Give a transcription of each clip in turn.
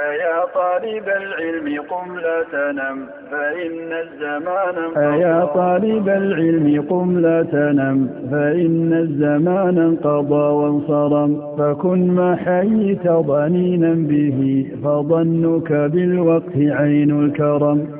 أيا طالب العلم قم لا تنم فإن الزمان أيا طالب العلم قم لا تنم فإن الزمان انقضى وانصرم فكن ما حييت ضنينا به فظنك بالوقت عين الكرم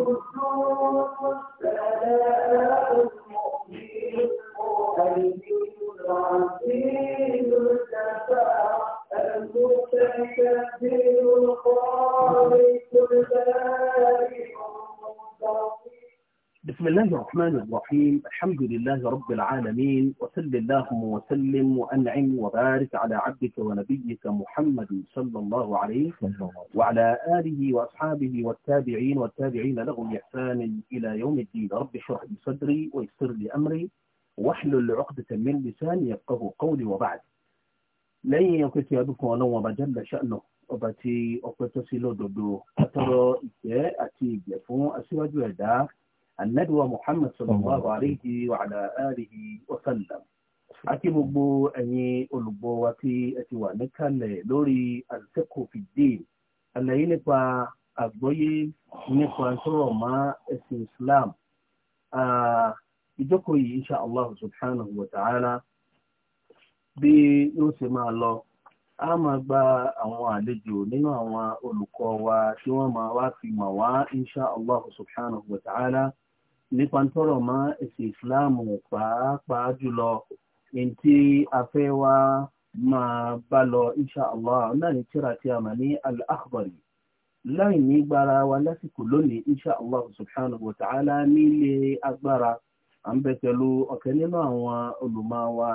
بسم الله الرحمن الرحيم الحمد لله رب العالمين وسل اللهم وسلم وأنعم وبارك على عبدك ونبيك محمد صلى الله عليه وعلى آله وأصحابه والتابعين والتابعين له بإحسان إلى يوم الدين رب اشرح لي صدري ويسر لي أمري واحلل عقدة من لساني يفقه قولي وبعد لن يا يدك ونوم جل شأنه ọba tí ọpẹ́ tó sí lódodo atọrọ ìfẹ́ àti ìgbẹ fún aṣíwájú ẹ̀dá الندوة محمد صلى الله عليه وعلى آله وسلم àti gbogbo ẹ̀yin olùgbọ́ wa tí ẹ ti wà níkàlẹ̀ lórí al-fiqhu fi ddin àlàyé nípa àgbọ́yé nípa sọ̀rọ̀ mọ́ ẹ̀sìn Islam ìjókòó yìí insha Allah subhanahu wa ta'ala bí yóò ṣe máa lọ a máa gba àwọn àlejò nínú àwọn olùkọ́ wa tí wọ́n máa wá fi mọ̀ wá insha Allah subhanahu wa ta'ala nípa ń tọrọ mọ́ ẹ̀sìn ìsìláàmù pàápàá jùlọ ní tí a fẹ́ wá máa bá lọ insha allah náà ní tíra tí a mà ní al-akhbari láì ní gbára wa lásìkò lónìí insha allah subhanahu wa ta'ala nílé agbára à ń bẹ pẹ̀lú ọ̀kẹ́ nínú àwọn olùmọ̀ wa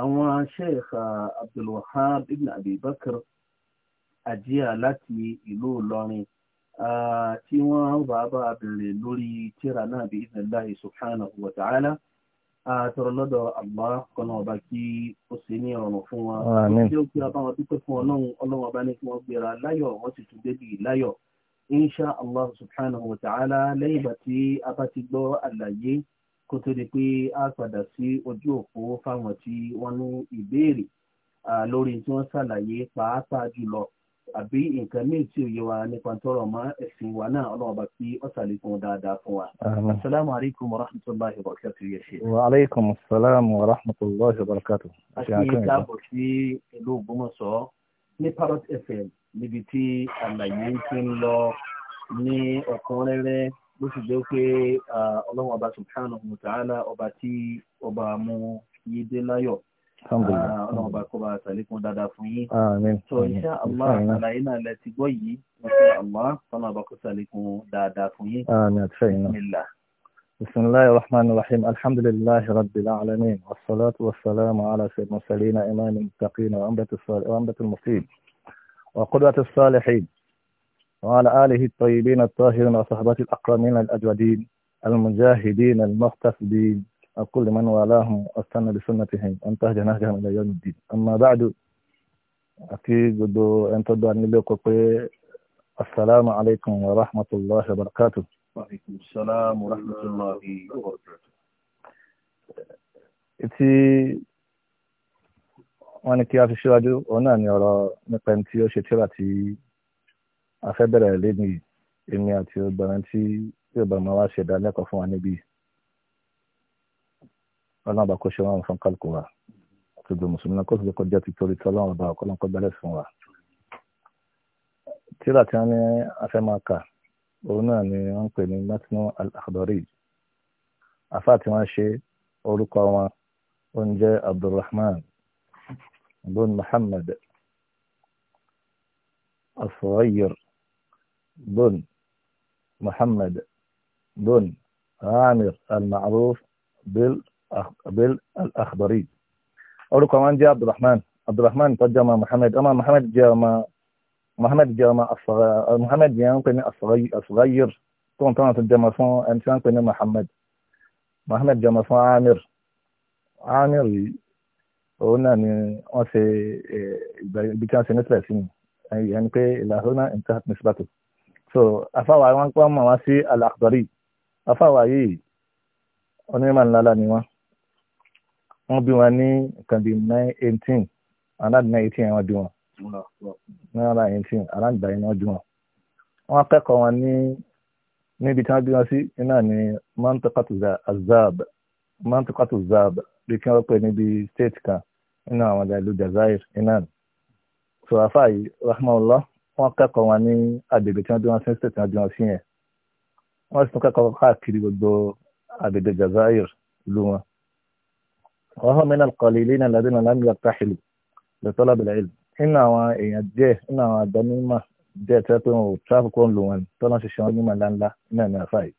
àwọn sheikh abdulwahab ibn abi bakr àjíyà láti ìlú ìlọrin tí wọ́n bá bá bèèrè lórí tíra náà bí ìdínláì subhanahu wa ta'ala àtọrọ lọ́dọ̀ àgbà kọ́nà ọba kí ó sì ní ọ̀rọ̀ fún wa tí ó kí a bá wọn dúpẹ́ fún ọlọ́run ọlọ́run ọba ní kí wọ́n gbéra láyọ̀ wọ́n sì tún débi láyọ̀ insha allah subhanahu wa lẹ́yìn ìgbà tí a bá ti gbọ́ àlàyé kó tó di pé a padà sí ojú òpó fáwọn tí wọ́n ní ìbéèrè lórí tí wọ́n ṣàlàyé pàápàá jùlọ àbí nǹkan míì tí ò yé wa nípa tọrọ mọ ẹsìn wa náà ọlọ́run bá fi ọ̀sàlẹ̀kùn dáadáa fún wa. asalaamu alaykum wa rahmatulahi wa barakatu yẹ ṣe. wa aleykum salaam wa rahmatulahi wa barakatu. a ti dáàbò sí ìlú Ògbómọ̀ṣọ́ ní Parrot FM níbi tí àlàyé ti ń lọ ní ọ̀kánrẹ́rẹ́ bó sì jẹ́ pé ọlọ́run ọba subhanahu wa ta'ala ọba tí ọba mú yédé láyọ̀. بسم الله الرحمن الرحيم الحمد لله رب العالمين والصلاة والسلام على سيد المرسلين إمام المتقين وأنبة المصيب وقدوة الصالحين وعلى آله الطيبين الطاهرين وصحبة الأكرمين الأجودين المجاهدين المختصدين وكل من والاهم واستنى بسنتهم أن تهدي نهجهم إلى يوم الدين أما بعد أكيد بدو أن تدعو أن السلام عليكم ورحمة الله وبركاته وعليكم السلام ورحمة الله وبركاته إتي wọ́n ní kí a fi ṣíwájú òun náà ni ọ̀rọ̀ nípa ẹni tí ó ṣe tíra tí a fẹ́ bẹ̀rẹ̀ lẹ́nu yìí èmi àti obìnrin tí yóò bá máa wá ṣẹ̀dá lẹ́kọ̀ọ́ fún wa níbí yìí ọlọ́run bá kó ṣe wọn fún kálukú wa gbogbo mùsùlùmí náà kó sì kọjá ti torí tí ọlọ́run bá ọkọ́ lọ́nkọ́ gbálẹ̀ fún wa. tíra tí wọ́n ní afẹ́màkà òun náà ni wọ́n ń pè ní matinu al-akhdari afá tí wọ́n ṣe orúkọ wọn ó ń jẹ́ abdulrahman bin muhammad aswayir bin muhammad bin amir al-ma'ruf bil بالأخبري اولو كمان جاب عبد الرحمن عبد الرحمن تجمع محمد أما محمد جامع محمد جامع الصغير محمد جامع الصغير الصغير كون كانت الجامعة إنسان كنا محمد محمد جامع عامر عامر هنا náà ni wọ́n ṣe ibi tí wọ́n ṣe nítorí sí ẹni so afáwa wọn pọ́n mọ̀ wá sí al-Akhdari wọ́n bí wọn ní nǹkan bíi nine eighteen around nine eighteen yẹn wọ́n bí wọn nine hundred eighteen around ìgbà yẹn wọ́n bí wọn. wọ́n kẹ́kọ̀ọ́ wọn ní níbi tí wọ́n bí wọn sí iná ní mantakatu azab mantakatu zab bí kí wọ́n pè níbi state kan iná àwọn ìlú Jazair iná so afa yìí rahmanullah wọ́n kẹ́kọ̀ọ́ wọn ní agbègbè tí wọ́n bí wọn sí state tí wọ́n bí wọn sí yẹn wọ́n sì tún kẹ́kọ̀ọ́ káàkiri gbogbo agbègbè Jazair ìlú wọn. وهو من القليلين الذين لم يرتحلوا لطلب العلم إن إن جه إن دنيما جه تكون تعرف كون لون تنا ششان ما لان لا نعم أفاي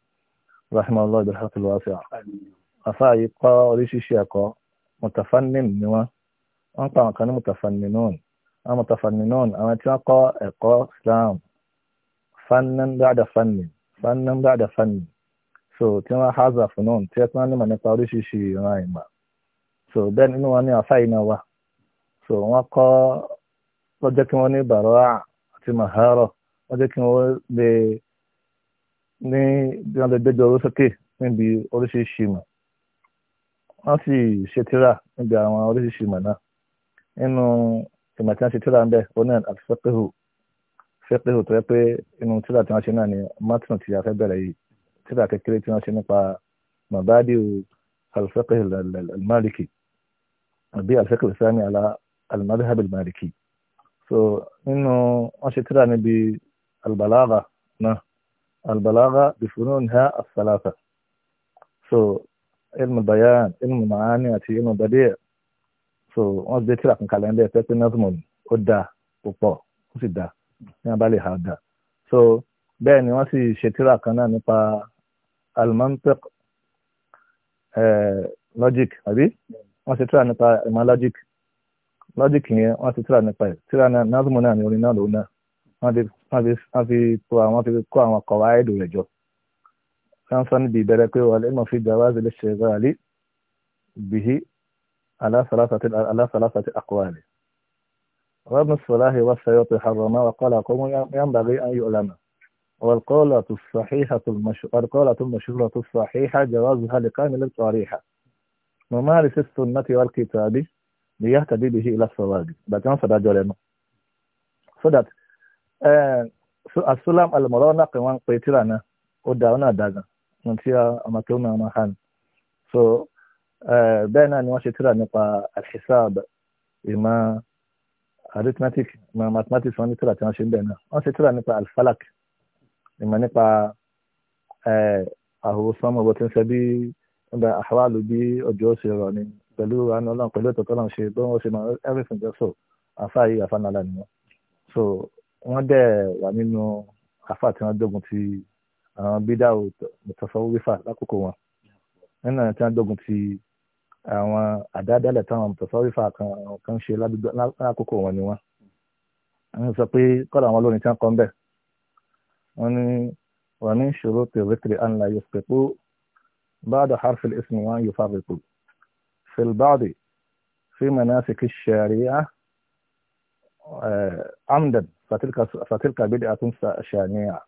رحمه الله بالحق الواسع أفاي قا ريش شيكا متفنن نوا أنت كان متفننون أما متفننون أما تلقى إقا إسلام فنن بعد فنن فنن بعد فنن so tí wọn haza fún náà tí wọn ní mọ nípa oríṣiríṣi ìran ìmọ̀ so bẹ́ẹ̀ nínú wọn ní àfa yìí náà wà so wọ́n kọ́ wọ́n jẹ́ kí wọ́n ní bàrọ́à àti màhárọ̀ wọ́n jẹ́ kí wọ́n lè ní bí wọ́n lè gbẹ́jọ owó sókè níbi oríṣiríṣi ìmọ̀ wọ́n sì ṣètìrà níbi àwọn oríṣiríṣi ìmọ̀ náà nínú ìmọ̀ tí wọ́n ṣètìrà ń bẹ̀ onan àti fẹ́pẹ́hù fẹ́pẹ́hù tó yẹ pé inú tírà tí wọ́n ṣe náà ni martin ti afẹ́ bẹ̀rẹ̀ yìí tírà kékeré tí wọ́n ṣe nípa mabadi alfẹ́pẹ́hù almaliki àbí àfẹ́kọ̀ ìsáni àlà al-madhhab al-maliki so nínú wọ́n ṣe tíra níbi al-balagha náà al-balagha bi fununha as-salasa so ilmu bayan ilmu ma'ani àti ilmu badi' so wọ́n gbé tíra kan kalẹ̀ ẹ̀ pẹ́pẹ́ nazmon ó da púpọ̀ ó sì da ní abálẹ̀ ha da so bẹ́ẹ̀ ni wọ́n sì ṣe tíra kan náà nípa al-mantiq eh, logic àbí. Yeah. wọ́n ṣe tíra nípa ìmọ̀ logic logic yẹn wọ́n ṣe tíra nípa ẹ̀ tíra náà nazmo náà ni orin náà lòun náà wọ́n fi kó àwọn fi kó àwọn kọ̀wá ẹ̀dù rẹ̀ jọ. sáńsán níbi ìbẹ̀rẹ̀ pé wà lẹ́mọ̀ fi gbà wáṣẹ̀ lè ṣe ìgbàlè bìhí aláṣàlásàtì àkọwàlẹ̀. وابن الصلاح والسيوط حرما وقال قوم ينبغي أن يؤلم والقولة الصحيحة المشهورة الصحيحة جوازها لكامل الصريحة mọ̀márì sí sunnati wal kitabi ni yahtadi bihi ila sawadi bàtí wọ́n sọ̀dájọ́ rẹ̀ nù. so that asulam alamọ̀rọ̀ náà pé wọ́n pe tíra náà ó da ọ́ náà so bẹ́ẹ̀ náà ni wọ́n ṣe tíra nípa alhisab ìmọ̀ arithmetic ìmọ̀ mathematics wọn ní tíra tí wọ́n ṣe ń bẹ̀ náà wọ́n ṣe tíra nípa alfalak ìmọ̀ nípa àhòsánmọ̀ bó ti ń ṣe bíi nígbà àhárálù bí ọjọ́ ṣe rọ̀ ni pẹ̀lú àánú ọlọ́run pẹ̀lú ètò tọ́lọ́run ṣe bí wọ́n ṣe máa everything just so àfa yìí àfa nàlá ni wọ́n so wọ́n dẹ̀ wà nínú àfa tí wọ́n dógun ti àwọn bídà mùtọ́sọ́wọ́ wífà lákòókò wọn nínú àwọn tí wọ́n dógun ti àwọn àdáadáalẹ̀ táwọn mùtọ́sọ́wọ́ wífà kan ṣe lákòókò wọn ni wọ́n wọ́n sọ pé kọ́lá àwọn olórin tí wọ́n kọ́ ń bẹ̀ wọ́n ní wọ́n ní ìṣòro بعد حرف الاسم ويفرق في البعض في مناسك الشريعة عمدا فتلك فتلك بدعة شنيعة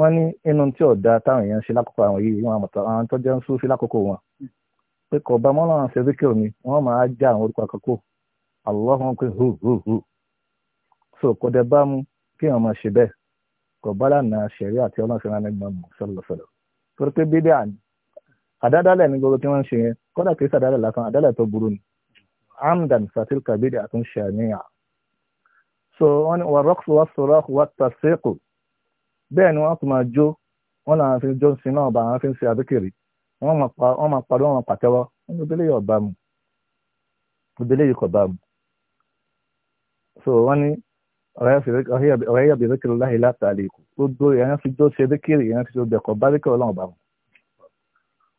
wọ́n ní inú tí ò da táwọn èèyàn ṣe lákòókò àwọn yìí wọn àmọ̀tọ́ àwọn tó jẹ́ ń sún sí lákòókò wọn pé kò bá mọ́lá àwọn ṣèzíkè mi wọ́n máa já àwọn orúkọ àkókò àlọ́hún pé hù hù hù so kò dé bá mu kí wọ́n máa ṣe bẹ́ẹ̀ kò bá lànà ṣẹ̀rí àti ọlọ́sìn rán nígbà mọ̀ sọ́lọ́sọ́lọ́ torí pé bídẹ́ àní àdádálẹ̀ ní gbogbo tí wọ́n ń ṣe yẹn kọ́dà kìí sàdálẹ̀ lásán àdálẹ̀ tó burú ni amdan fatil kabidi àtún ṣàníyàn so wọ́n ní wà rọ́ọ̀kì wà sọ̀rọ̀ wà tàṣẹ́kù bẹ́ẹ̀ ni wọ́n tún máa jó wọ́n náà fi jó sí náà bá wọn fi ń ṣe àbíkiri wọ́n máa parọ́ wọn pàtẹ́wọ́ wọ́n gbélé yìí ọ̀bá mu gbélé yìí kọ̀ bá mu so wọ́n ní ọ̀rẹ́yà bìrìkìrì láhìlá tàlẹ́kù gbogbo ìyẹn fi jó ṣe bíkìrì ìyẹn fi jó bẹ̀kọ̀ bá bíkìrì ọlọ́run bá mu.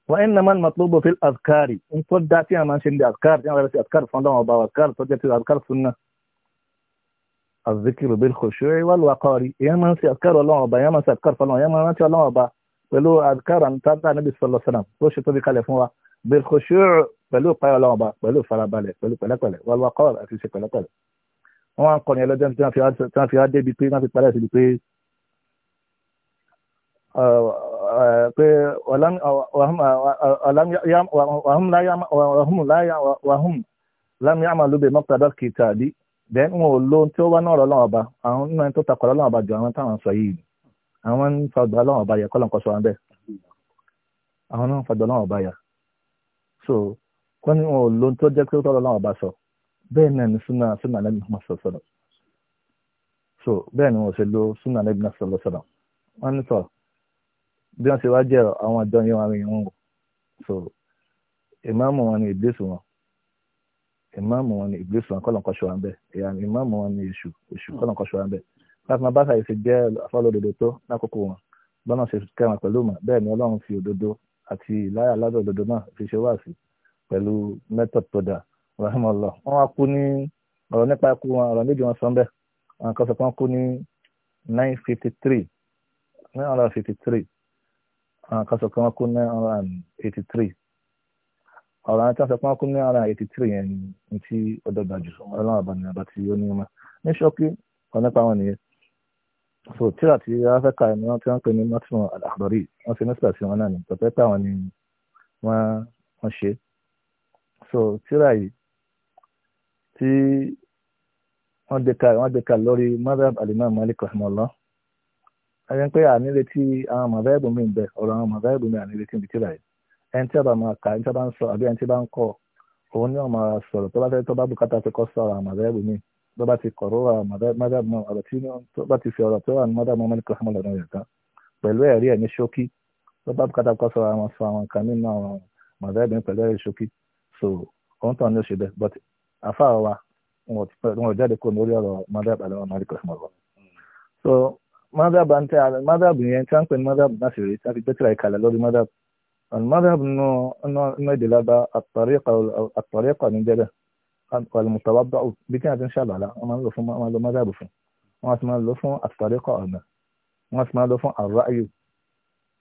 وإنما المطلوب في الأذكار إن تودع فيها ما شند أذكار يعني غير أذكار فندم أو أذكار تودع فيها أذكار سنة الذكر بالخشوع والوقار يا من سي أذكار الله أبا يا من سي أذكار فلان يا من سي الله أبا pẹ̀lú أذكار أن تدع النبي صلى الله عليه وسلم tó ṣe tóbi kalẹ̀ fún بالخشوع pẹ̀lú pẹ́ الله ọba pẹ̀lú farabalẹ̀ pẹ̀lú pẹ̀lẹ́pẹ̀lẹ́ والوقار àti ṣe pẹ̀lẹ́pẹ̀lẹ́ wọ́n á ń kọrin ẹlọ́jọ́ tí wọ́n fi wá في هذا wọ́n fi parẹ́ síbi pé pé wàhùn láàmì àmàlú bẹ̀ mọ́tàdá kìtà bí then wọn ò lóhun tí ó wá náà rọ lọ́wọ́ ọba àwọn nínú tó takọ̀ lọ́wọ́ ọba jù àwọn táwọn sọ yìí àwọn ń fagbà lọ́wọ́ ọba yẹ kọ́lọ́nkọ́ sọ wọn bẹ́ẹ̀ àwọn náà ń fagbà lọ́wọ́ ọba yà so kọ́ ni wọn ò lóhun tó jẹ́ pé ó tọ́lọ́ lọ́wọ́ ọba sọ bẹ́ẹ̀ náà ni súnà súnà lẹ́nu mọ́ sọ sọ̀rọ̀ so bẹ́ẹ̀ ni wọn ò ṣe lo súnà lẹ́nu mọ́ sọ̀rọ̀ sọ̀rọ̀ wọ́n ní sọ̀rọ̀ bí wọ́n ṣe wá jẹ́ àwọn ìjọ yẹn wọn rìn wọn o so ìmáàmù wọn ni ìbísù wọn ìmáàmù wọn ni ìbísù wọn kọ́lọ̀ kọ́ṣọ́ wọn bẹ́ẹ̀ ìyàmù ìmáàmù wọn ni èṣù èṣù kọ́lọ̀ kọ́ṣọ́ wọn bẹ́ẹ̀ láti máa bá sàyè ṣe jẹ́ afọ́lódodo tó lákòókò wọn bọ́nà ṣe kẹwọn pẹ̀lú mọ̀ bẹ́ẹ̀ ni ọlọ́run fi òdodo àti ìláyà ládọ̀ òdodo náà fi ṣe wá sí pẹ̀lú method tó dáa rahimahullah wọn wá kú ní ọ̀rọ̀ nípa ikú wọn ọ̀rọ̀ méjì wọn sọ bẹ́ẹ̀ àwọn kan sọ nine fifty three nine fifty three àwọn ah, kan sọ pé wọ́n kú ní ọ̀rọ̀ and eighty three ọ̀rọ̀ àwọn kan sọ pé wọ́n kú ní ọ̀rọ̀ and eighty three yẹn ní ti ọ̀dọ́gba jù ọlọ́run àbá ní àbá ní ọmọ ní ṣọ́kí ọ̀ nípa wọn nìyẹn so tíra tí a fẹ́ ka ni wọ́n ti wọ́n pè ní martin al-akhdari wọ́n ṣe nípa sí wọn náà ní pẹ̀pẹ́ pé àwọn ni wọ́n ṣe so tíra yìí tí wọ́n dé ka lórí madhab alimam malik rahmanullah ẹni pé ànírètí àwọn màbá ẹ̀bùn mi ń bẹ ọ̀rọ̀ àwọn màbá ẹ̀bùn mi ànírètí ń bìtìrà yìí ẹni tí a bá máa kà ẹni tí a bá ń sọ àbí ẹni tí a bá ń kọ òun ni wọn máa sọ̀rọ̀ tó bá fẹ́ tó bá bùkátà fi kọ́ sọ àwọn màbá ẹ̀bùn mi tó bá ti kọ̀rọ̀ àwọn màbá ẹ̀bùn mi ọ̀rọ̀ tí tó bá ti fi ọ̀rọ̀ tó wà ní mọ́dà mọ́mọ́ni so òun tàn but àfáà wa wọn ò jáde kó lórí ọ̀rọ̀ mọ́dà so madhab ń tẹ́ ara madhab yẹn tí wọ́n pè ní madhab náà sì rí tí wọ́n fi gbẹ́tìrà ìkàlẹ̀ lórí madhab madhab nínú èdè lábá àtọ̀rẹ́kọ̀ ní jẹ́bẹ̀ àlùmùtàwábà bí tí wọ́n ti ń ṣàlàlà wọ́n máa ń lò fún wọ́n máa ń lo madhab fún wọ́n sì máa ń lò fún àtọ̀rẹ́kọ̀ ọ̀nà wọ́n sì máa ń lò fún àrọ́àyù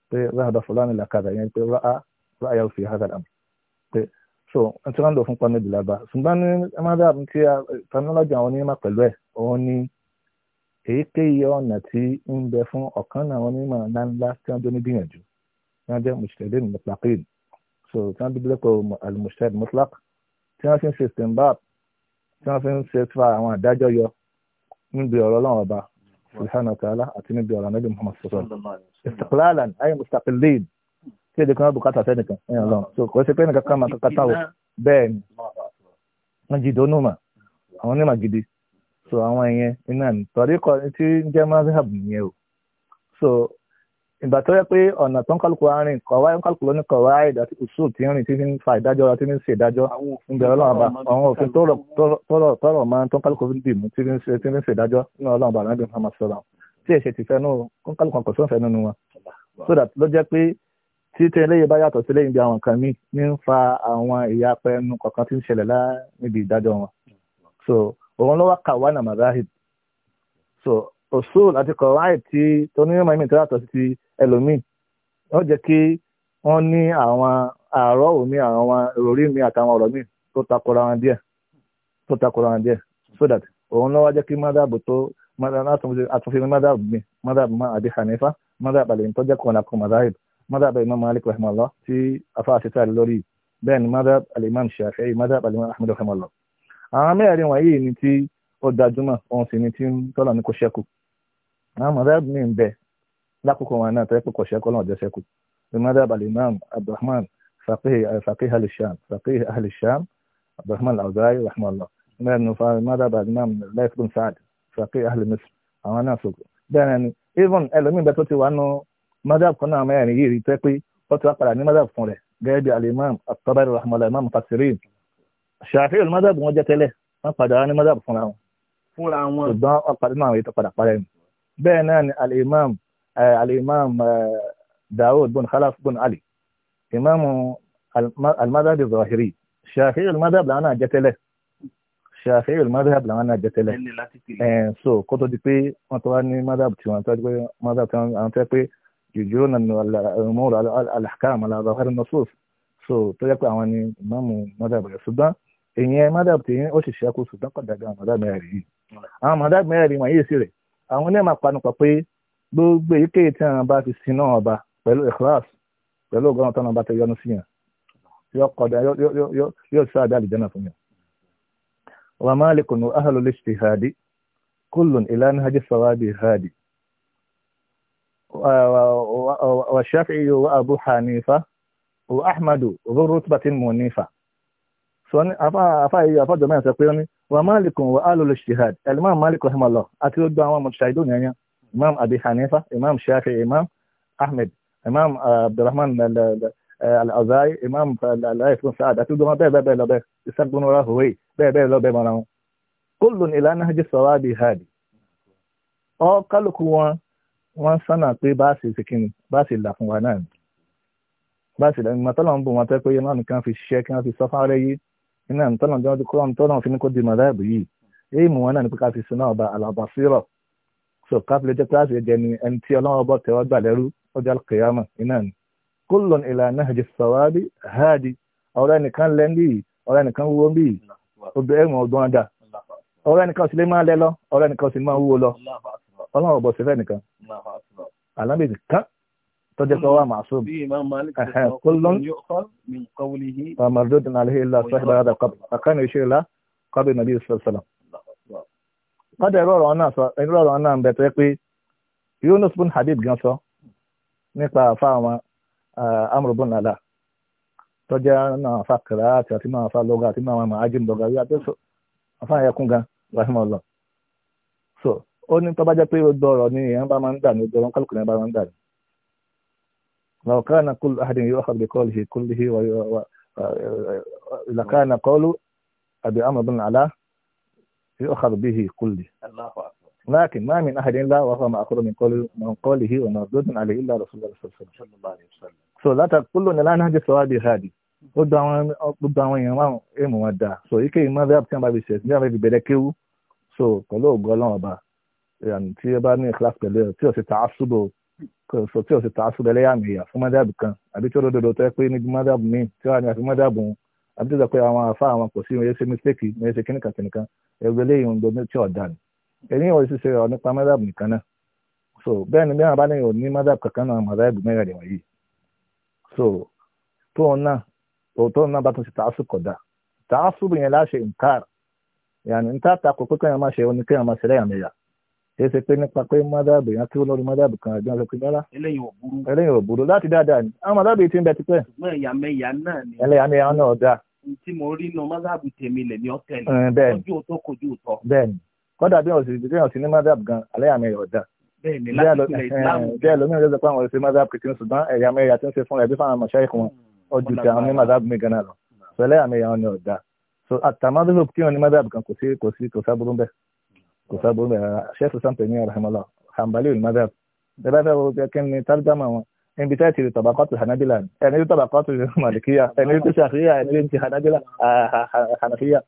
pé ráhàdà fúlàní làkàdà yẹn pé ráhàyà ò fi hàdà pé so n tí lò fún pọ́nmi dìlábà ṣùgbọ́n ní madhab ti èyíkéyìí ọ̀nà tí ń bẹ fún ọ̀kan náà wọn mímọ̀ ńláńlá tí wọ́n jẹ́ onígbìyànjú tí wọ́n jẹ́ mùsùlùmí mutlaqin so tí wọ́n bíbélẹ̀ pé al-mujtahid mutlaq tí wọ́n fi ń ṣe istinbat tí wọ́n fi ń ṣe fa àwọn àdájọ́ yọ níbi ọ̀rọ̀ ọlọ́run ọba subhanahu wa ta'ala àti níbi ọ̀rọ̀ anábì muhammad sallallahu istiqlalan ay mustaqillin tí èdè kan bùkátà sẹ́nìkan ẹ̀yàn lọ so kò sí pé nìkan kan máa kàkátà so àwọn ẹ̀yẹn iná ní tọ́ríkọ tí ń jẹ́ mazhab nìyẹn o so ìgbà tó yẹ pé ọ̀nà tó ń kálukú arìn kọ̀wá ń kálukú lónìí kọ̀wá ìdá tí usul ti ń rìn tí fi ń fa ìdájọ́ ọ̀rọ̀ tí fi ń ṣe ìdájọ́ ń bẹ̀rẹ̀ ọlọ́run ọba àwọn òfin tọrọ máa ń tó ń kálukú fi ń dìmú tí fi ń ṣe ìdájọ́ ní ọlọ́run ọba àrẹ́bí Muhammad sọ̀rọ̀ tí ẹ̀ṣẹ̀ ti fẹ́ kó kálukú kò sófẹ́ nínú wọn so that ló jẹ́ pé tí tẹ́lẹ̀ yìí bá yàtọ̀ sílẹ̀ ibi àwọn kan míì ń fa àwọn ìyapẹ́nu kọ̀ọ̀kan tí ń ṣẹlẹ̀ lá níbi ìdájọ́ wọn so òun ló wá kàwá nà mazahib so usul àti kọ̀ọ̀ráì tí onímọ̀ ìmì tẹ́látọ̀ sí ti ẹlòmíì wọ́n jẹ́ kí wọ́n ní àwọn àárọ̀ òmí àwọn ìròrí mi àtàwọn ọ̀rọ̀ mi tó takora wọn díẹ̀ tó takora wọn díẹ̀ so that òun ló wá jẹ́ kí mádàbù tó àtúnfi ní mádàbù mi mádàbù má àbí hanifa mádàbù àlè tó jẹ́ kọ̀ọ̀nà kan mazahib mádàbù imam malik rahimahullah tí afáàṣetá lórí bẹ́ẹ̀ ni mádàbù alimam shafi'i mádàbù alimam ahmed rahimahullah àwọn mẹ́rin wọ̀nyí ni tí ó gbajúmọ̀ òun sì ni tí ń tọ́lọ̀ ní kò ṣẹ́kù àwọn mọ̀dáàbù mi ń bẹ lákòókò wọn náà tẹ́lẹ̀ pé kò ṣẹ́kù náà jẹ́ ṣẹ́kù mọ̀dáàbù alimam abdulrahman faqih alisham eh, faqih alisham abdulrahman alawzai rahmanullah mọ̀dáàbù alimam laif bin saad faqih alimisr àwọn náà ni even ẹlòmíì bẹ́ẹ̀ tó ti wà nù mọ̀dáàbù kan náà mẹ́rin yìí rí tẹ́ pé ó ti wá padà ní mọ̀dáàbù fún rẹ̀ gẹ́gẹ́ bí alimam at-tabari rahmanullah imam kasirin ṣàfihàn olùmọ́dàbù wọn jẹ́ tẹ́lẹ̀ wọ́n padà wá ní mọ́dàbù fúnra wọn. fúnra wọn. ṣùgbọ́n ọ̀pàdé náà àwọn ètò padà parẹ́ mi. bẹ́ẹ̀ náà ni al-imam eh, al-imam eh, daoud bin khalaf bin ali imam al-madhhab az-zahiri ṣàfihàn olùmọ́dàbù làwọn náà jẹ́ tẹ́lẹ̀ ṣàfihàn olùmọ́dàbù làwọn náà jẹ́ tẹ́lẹ̀. Eh, so kó tó di pé wọ́n tó wá ní mọ́dàbù tí wọ́n tọ́jú pé mọ́dàbù tí wọ́n tẹ́ pé jùjú ìyẹn mádàbù tí ó sì ṣẹ́kù ṣùgbọ́n kọ̀ dàgbà àwọn mádàbù mẹ́rin yìí àwọn mádàbù mẹ́rin wọ̀nyí sí rẹ̀ àwọn onímọ̀ panupọ̀ pé gbogbo èyíkéyìí tí àwọn bá fi sin ọba pẹ̀lú ikhlas pẹ̀lú ọgọ́rùn-ún tọ́nà ọba tó yọnu sí yàn yóò kọ̀dà yóò sá àdá àlùjànnà fún yàn. wa malikun ahlu al-ijtihadi kullun ila nahji sawabi hadi wa shafi'i wa abu hanifa wa ahmadu dhu rutbatin munifa sọ ní afá yìí afá jọmọ ẹsẹ pé ó ní wà máàlìkùn wà álùlù shihad ẹlẹmọ máàlìkùn rahimahullah àti ó gbọ́ àwọn ọmọ ṣàìdó yẹn imam abi hanifa imam shafi imam ahmed imam uh, abdulrahman al-azai uh, imam uh, alaifun saad àti gbọmọ bẹ́ẹ̀ bẹ́ẹ̀ lọbẹ isagbọn wàrà huwe bẹ́ẹ̀ bẹ́ẹ̀ lọbẹ mọra wọn kullun ila nahji sawabi hadi ọ kálukú wọn wọn sánà pé báàsì sikini báàsì là fún wa náà báàsì là ń mọtọ́lọ́ ń bọ̀ wọn tẹ́ pé yẹn náà nìkan fi ṣiṣẹ́ kí wọ́n fi sọ fáwọn ẹlẹ́yìí iná ntọ́nà jọ́ kó ntọ́nà òfin kó di mọ̀dáàbù yìí èyí mú wọn náà ní pé ká fi sinú ọba àlàbà sírọ̀ so ká fi lè jẹ́ pé láti ẹ̀jẹ̀ ni ẹni tí ọlọ́wọ́ bọ́ tẹ́wọ́ gbà lẹ́rú ọjọ́ kìyàmà iná ni kullun ila nahji sawabi hadi ọ̀rẹ́ nìkan lẹ́ bí ọ̀rẹ́ nìkan wúwo bí obìnrin ọgbọ́n dà ọ̀rẹ́ nìkan sì lè máa lẹ́ lọ ọ̀rẹ́ nìkan sì máa wúwo lọ ọlọ́wọ́ bọ̀ sí kan tó jẹ́ pé wà màsúm kullum mardudun alaihi illa sahiba hada qabr akana yushiru ila qabr nabi sallallahu alaihi wasallam kọ́dà irú ọ̀rọ̀ náà sọ irú ọ̀rọ̀ náà ń bẹ tó yẹ pé Yunus bin Habib gan sọ nípa àfa àwọn amúrúbùn nàlà tó jẹ́ náà àfa kìlá àti àti náà àfa lọ́gà àti náà àwọn àjìm lọ́gà yóò àti àfa yẹn kún gan rahim Allah so ó ní tó bá jẹ́ pé gbogbo ọ̀rọ̀ ni èèyàn bá máa ń dà ní gbogbo ọ̀rọ̀ kálukú ni èèyàn bá máa ń dà ní لو كان كل أحد يؤخذ بقوله كله و... كان قول أبي عمرو بن العلاء يؤخذ به كله الله أكبر لكن ما من أحد إلا وهو مأخوذ من قول من قوله ومردود عليه إلا رسول الله صلى الله عليه وسلم so لا تقولون لا نهج سواد هذه gbogbo àwọn èèyàn máa ń èèmù wọn dáa so ike ìmọ̀ bí abdul bá fi ṣe ní abẹ́ ìbẹ̀rẹ̀ kéwú so pẹ̀lú ògo ọlọ́run ọba tí ó bá ní class pẹ̀lú ẹ̀ tí ó sì ta àṣùbọ̀ kò sọ tí ọ̀sẹ̀ tààsù lẹ́lẹ́yàmẹ̀yà fún mọ́dàbù kan àbí tí olódodo tó yẹ pé níbi mọ́dàbù míì tí wàá ní àfi mọ́dàbù wọn àbí o sọ pé àwọn afá àwọn kò sí wọn yẹ ṣe mistake wọn yẹ ṣe kíníkan kíníkan ẹgbẹ́ lẹ́yìn ohun gbogbo tí ọ̀dà ni èyí ò sì ṣe ọ̀ nípa mọ́dàbù nìkan náà so bẹ́ẹ̀ ni bẹ́ẹ̀ bá ní ò ní mọ́dàbù kankan náà mọ́dàbù mẹ́rin wọ̀nyí so tóun náà tóun náà bá tún ṣe tààsù kọ̀dà tààsù yẹn láṣẹ nǹkan yàní nǹkan àtàkùn pé kéèyàn má ṣe oníkéèyàn má ṣe lẹ́yàmẹ̀yà kìí ṣe pé nípa pé mọ́dàbí yẹn kí olórí mọ́dàbí kan ẹ̀gbọ́n sọ pé rárá eléyìí ò burú láti dáadáa ni àwọn mọ́dàbí ti ń bẹ tipẹ́. ṣùgbọ́n ẹ̀yàmẹ̀yà náà ni ẹlẹ́yàmẹ̀yà náà dá. tí mo rí inú mọ́dàbí tèmi lè ní ọ̀tẹ̀ lè ojú òtó kojú òtó. bẹ́ẹ̀ni kódà bí wọn sì bí wọn sì ní mọ́dàbí gan ẹlẹ́yàmẹ̀yà ọ̀dà. bẹ́ẹ̀ni láti ìpínlẹ̀ ìlànà. bẹ́ẹ̀ lómi ìrẹsẹ̀ pé àwọn ẹ̀sìn mọ́dàbí kìí ṣùgbọ́n ẹ̀yàmẹ̀yà ti ń ṣe fún ẹbí fáwọn mọ̀ṣáìkì wọn ojú hmm. ti àwọn mọ́dàbí mi gan náà lọ. sọ ẹlẹ́yàmẹ̀yà wọn ni ọ̀dà. so àtàmọ́dúnrún kí wọn ní mọ́dàbí kan kò sí kò sí kò sábúrú bẹ́ẹ̀. كتاب شيخ الاسلام تيميه رحمه الله حنبلي المذهب ده إيه كان ترجمه ان بتاتي لطبقات الحنابله يعني إيه طبقات المالكيه يعني إيه الشافعيه يعني انت حنابله حنفيه